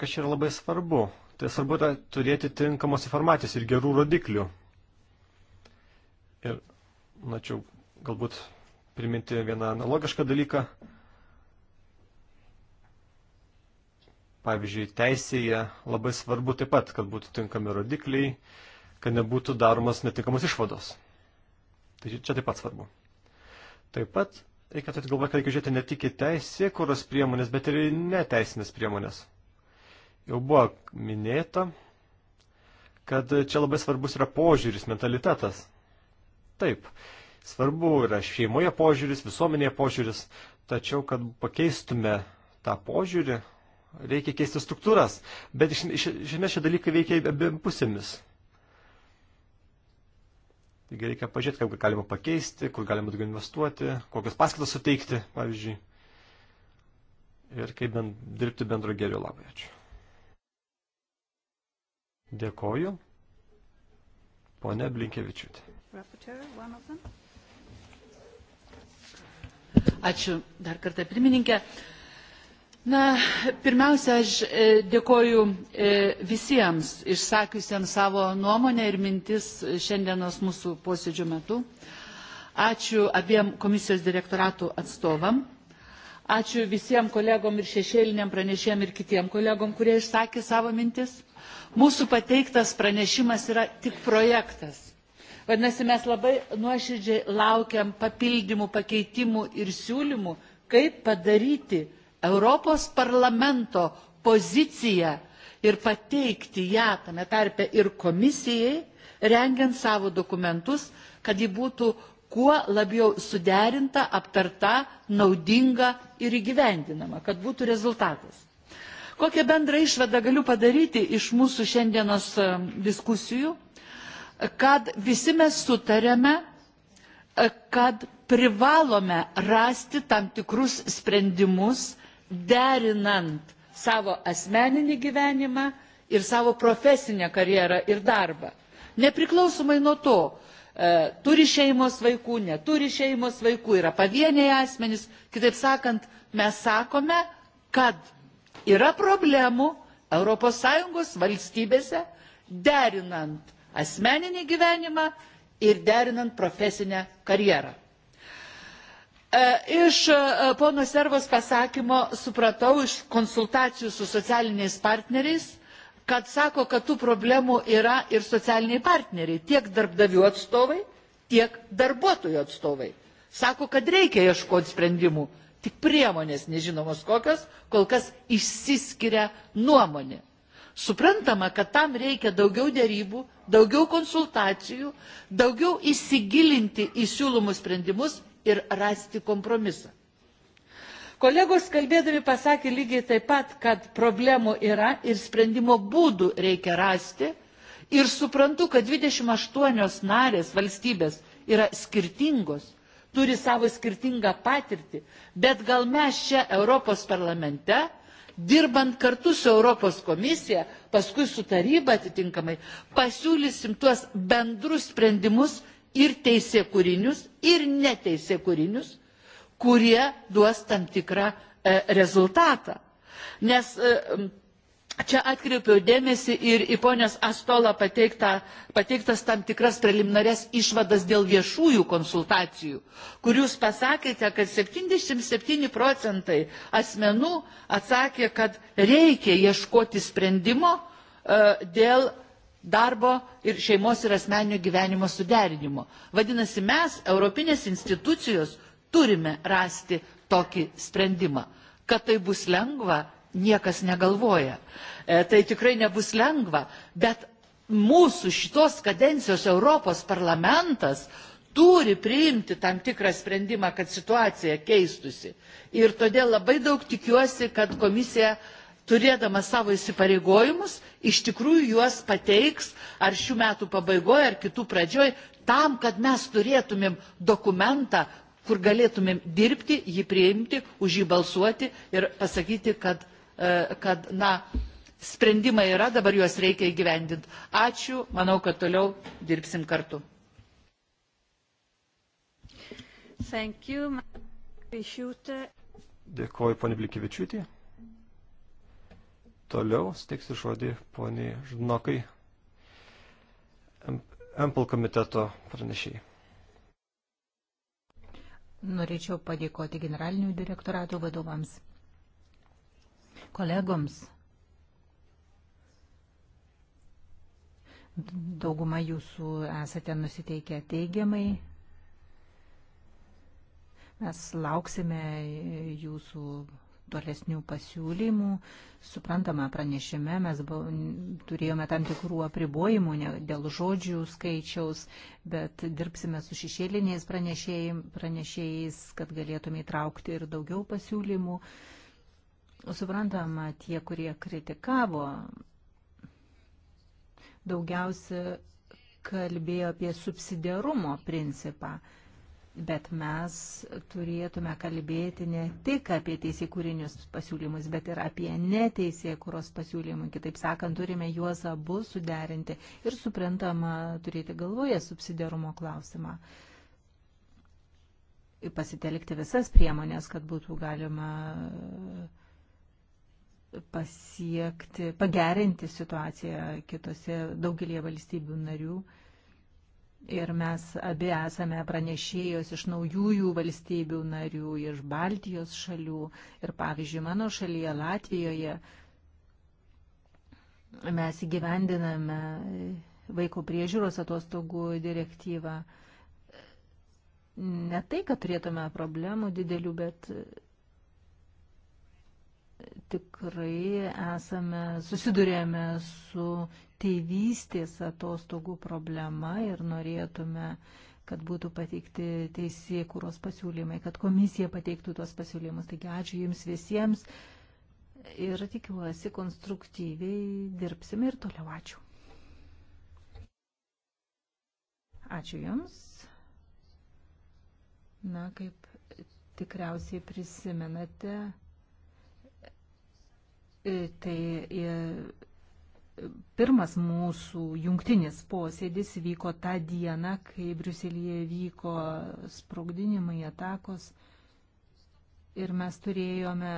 Kas čia yra labai svarbu? Tai svarbu yra turėti tinkamos informacijos ir gerų rodiklių. Ir, načiau, galbūt priminti vieną analogišką dalyką. Pavyzdžiui, teisėje labai svarbu taip pat, kad būtų tinkami rodikliai, kad nebūtų daromas netinkamos išvados. Tai čia taip pat svarbu. Taip pat reikia turėti galvoje, kad reikia žiūrėti ne tik į teisėkuros priemonės, bet ir į neteisinės priemonės. Jau buvo minėta, kad čia labai svarbus yra požiūris, mentalitetas. Taip, svarbu yra šeimoje požiūris, visuomenėje požiūris, tačiau, kad pakeistume tą požiūrį, reikia keisti struktūras, bet iš, iš, iš esmės šie dalykai veikia abiem pusėmis. Taigi reikia pažiūrėti, kaip galima pakeisti, kur galima daugiau investuoti, kokias paskatas suteikti, pavyzdžiui, ir kaip bent, dirbti bendro gėrio labai. Ačiū. Dėkoju. Pone Blinkevičiūtė. Ačiū dar kartą pirmininkė. Na, pirmiausia, aš e, dėkoju e, visiems išsakiusiems savo nuomonę ir mintis šiandienos mūsų posėdžio metu. Ačiū abiem komisijos direktoratų atstovam. Ačiū visiems kolegom ir šešėliniam pranešėjim ir kitiem kolegom, kurie išsakė savo mintis. Mūsų pateiktas pranešimas yra tik projektas. Vadinasi, mes labai nuoširdžiai laukiam papildymų, pakeitimų ir siūlymų, kaip padaryti Europos parlamento poziciją ir pateikti ją tame tarpe ir komisijai, rengiant savo dokumentus, kad ji būtų kuo labiau suderinta, aptarta, naudinga ir įgyvendinama, kad būtų rezultatas. Kokią bendrą išvadą galiu padaryti iš mūsų šiandienos e, diskusijų, kad visi mes sutarėme, e, kad privalome rasti tam tikrus sprendimus derinant savo asmeninį gyvenimą ir savo profesinę karjerą ir darbą. Nepriklausomai nuo to, e, turi šeimos vaikų, neturi šeimos vaikų, yra pavieniai asmenys. Kitaip sakant, mes sakome, kad yra problemų ES valstybėse derinant asmeninį gyvenimą ir derinant profesinę karjerą. E, iš e, pono Servos pasakymo supratau, iš konsultacijų su socialiniais partneriais, kad sako, kad tų problemų yra ir socialiniai partneriai, tiek darbdavių atstovai, tiek darbuotojų atstovai. Sako, kad reikia ieškoti sprendimų, tik priemonės nežinomos kokios, kol kas išsiskiria nuomonė. Suprantama, kad tam reikia daugiau dėrybų, daugiau konsultacijų, daugiau įsigilinti į siūlomus sprendimus ir rasti kompromisą. Kolegos kalbėdami pasakė lygiai taip pat, kad problemų yra ir sprendimo būdų reikia rasti. Ir suprantu, kad 28 narės valstybės yra skirtingos, turi savo skirtingą patirtį, bet gal mes čia Europos parlamente, dirbant kartu su Europos komisija, paskui su taryba atitinkamai, pasiūlysim tuos bendrus sprendimus ir teisėkūrinius, ir neteisėkūrinius, kurie duos tam tikrą e, rezultatą. Nes e, čia atkreipiau dėmesį ir į ponės Astolą pateiktą, pateiktas tam tikras preliminarias išvadas dėl viešųjų konsultacijų, kur jūs pasakėte, kad 77 procentai asmenų atsakė, kad reikia ieškoti sprendimo e, dėl darbo ir šeimos ir asmeninio gyvenimo suderinimo. Vadinasi, mes, Europinės institucijos, turime rasti tokį sprendimą. Kad tai bus lengva, niekas negalvoja. E, tai tikrai nebus lengva, bet mūsų šitos kadencijos Europos parlamentas turi priimti tam tikrą sprendimą, kad situacija keistusi. Ir todėl labai daug tikiuosi, kad komisija uh, turėdamas savo įsipareigojimus, iš tikrųjų juos pateiks ar šių metų pabaigoje, ar kitų pradžioje, tam, kad mes turėtumėm dokumentą, kur galėtumėm dirbti, jį priimti, už jį balsuoti ir pasakyti, kad, e, kad na, sprendimai yra, dabar juos reikia įgyvendinti. Ačiū, manau, kad toliau dirbsim kartu. Dėkuoju, ponė Blikivičiūtė. Toliau steiksiu žodį poniai Žnokai, Empel komiteto pranešiai. Norėčiau padėkoti generalinių direktoratų vadovams, kolegoms. Dauguma jūsų esate nusiteikę teigiamai. Mes lauksime jūsų tolesnių pasiūlymų. Suprantama, pranešime mes turėjome tam tikrų apribojimų dėl žodžių skaičiaus, bet dirbsime su šešėliniais pranešėjais, kad galėtume įtraukti ir daugiau pasiūlymų. Suprantama, tie, kurie kritikavo, daugiausia kalbėjo apie subsidiarumo principą. Bet mes turėtume kalbėti ne tik apie teisėkūrinius pasiūlymus, bet ir apie neteisėkūros pasiūlymus. Kitaip sakant, turime juos abu suderinti ir suprantama turėti galvoje subsidiarumo klausimą. Ir pasitelkti visas priemonės, kad būtų galima pasiekti, pagerinti situaciją kitose daugelie valstybių narių Ir mes abi esame pranešėjos iš naujųjų valstybių narių, iš Baltijos šalių. Ir pavyzdžiui, mano šalyje Latvijoje mes įgyvendiname vaiko priežiūros atostogų direktyvą. Ne tai, kad turėtume problemų didelių, bet tikrai esame, susidurėme su tėvystės atostogų problema ir norėtume, kad būtų pateikti teisėjai kūros pasiūlymai, kad komisija pateiktų tuos pasiūlymus. Taigi ačiū Jums visiems ir tikiuosi konstruktyviai dirbsime ir toliau ačiū. Ačiū Jums. Na, kaip tikriausiai prisimenate, E, tai e, pirmas mūsų jungtinis posėdis vyko tą dieną, kai Briuselėje vyko sprogdinimai, atakos. Ir mes turėjome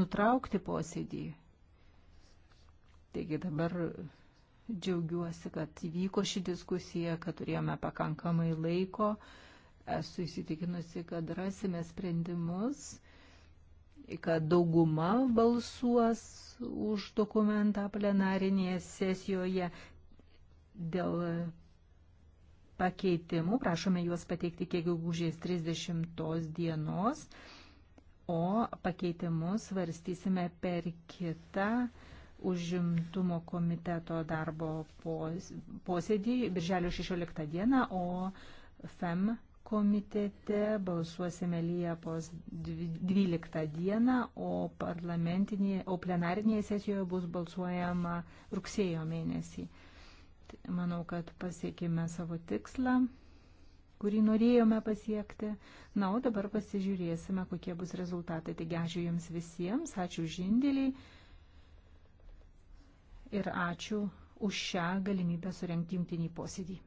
nutraukti posėdį. Taigi dabar džiaugiuosi, kad įvyko ši diskusija, kad turėjome pakankamai laiko. Esu įsitikinusi, kad rasime sprendimus kad dauguma balsuos už dokumentą plenarinėje sesijoje dėl pakeitimų. Prašome juos pateikti kiek gegužės 30 dienos, o pakeitimus varstysime per kitą užimtumo komiteto darbo posėdį birželio 16 dieną, o FEM komitete balsuosime Liepos 12 dieną, o, o plenarinėje sesijoje bus balsuojama rugsėjo mėnesį. Tai manau, kad pasiekime savo tikslą, kurį norėjome pasiekti. Na, o dabar pasižiūrėsime, kokie bus rezultatai. Taigi ačiū Jums visiems, ačiū žindėliai ir ačiū už šią galimybę surenkti jungtinį posėdį.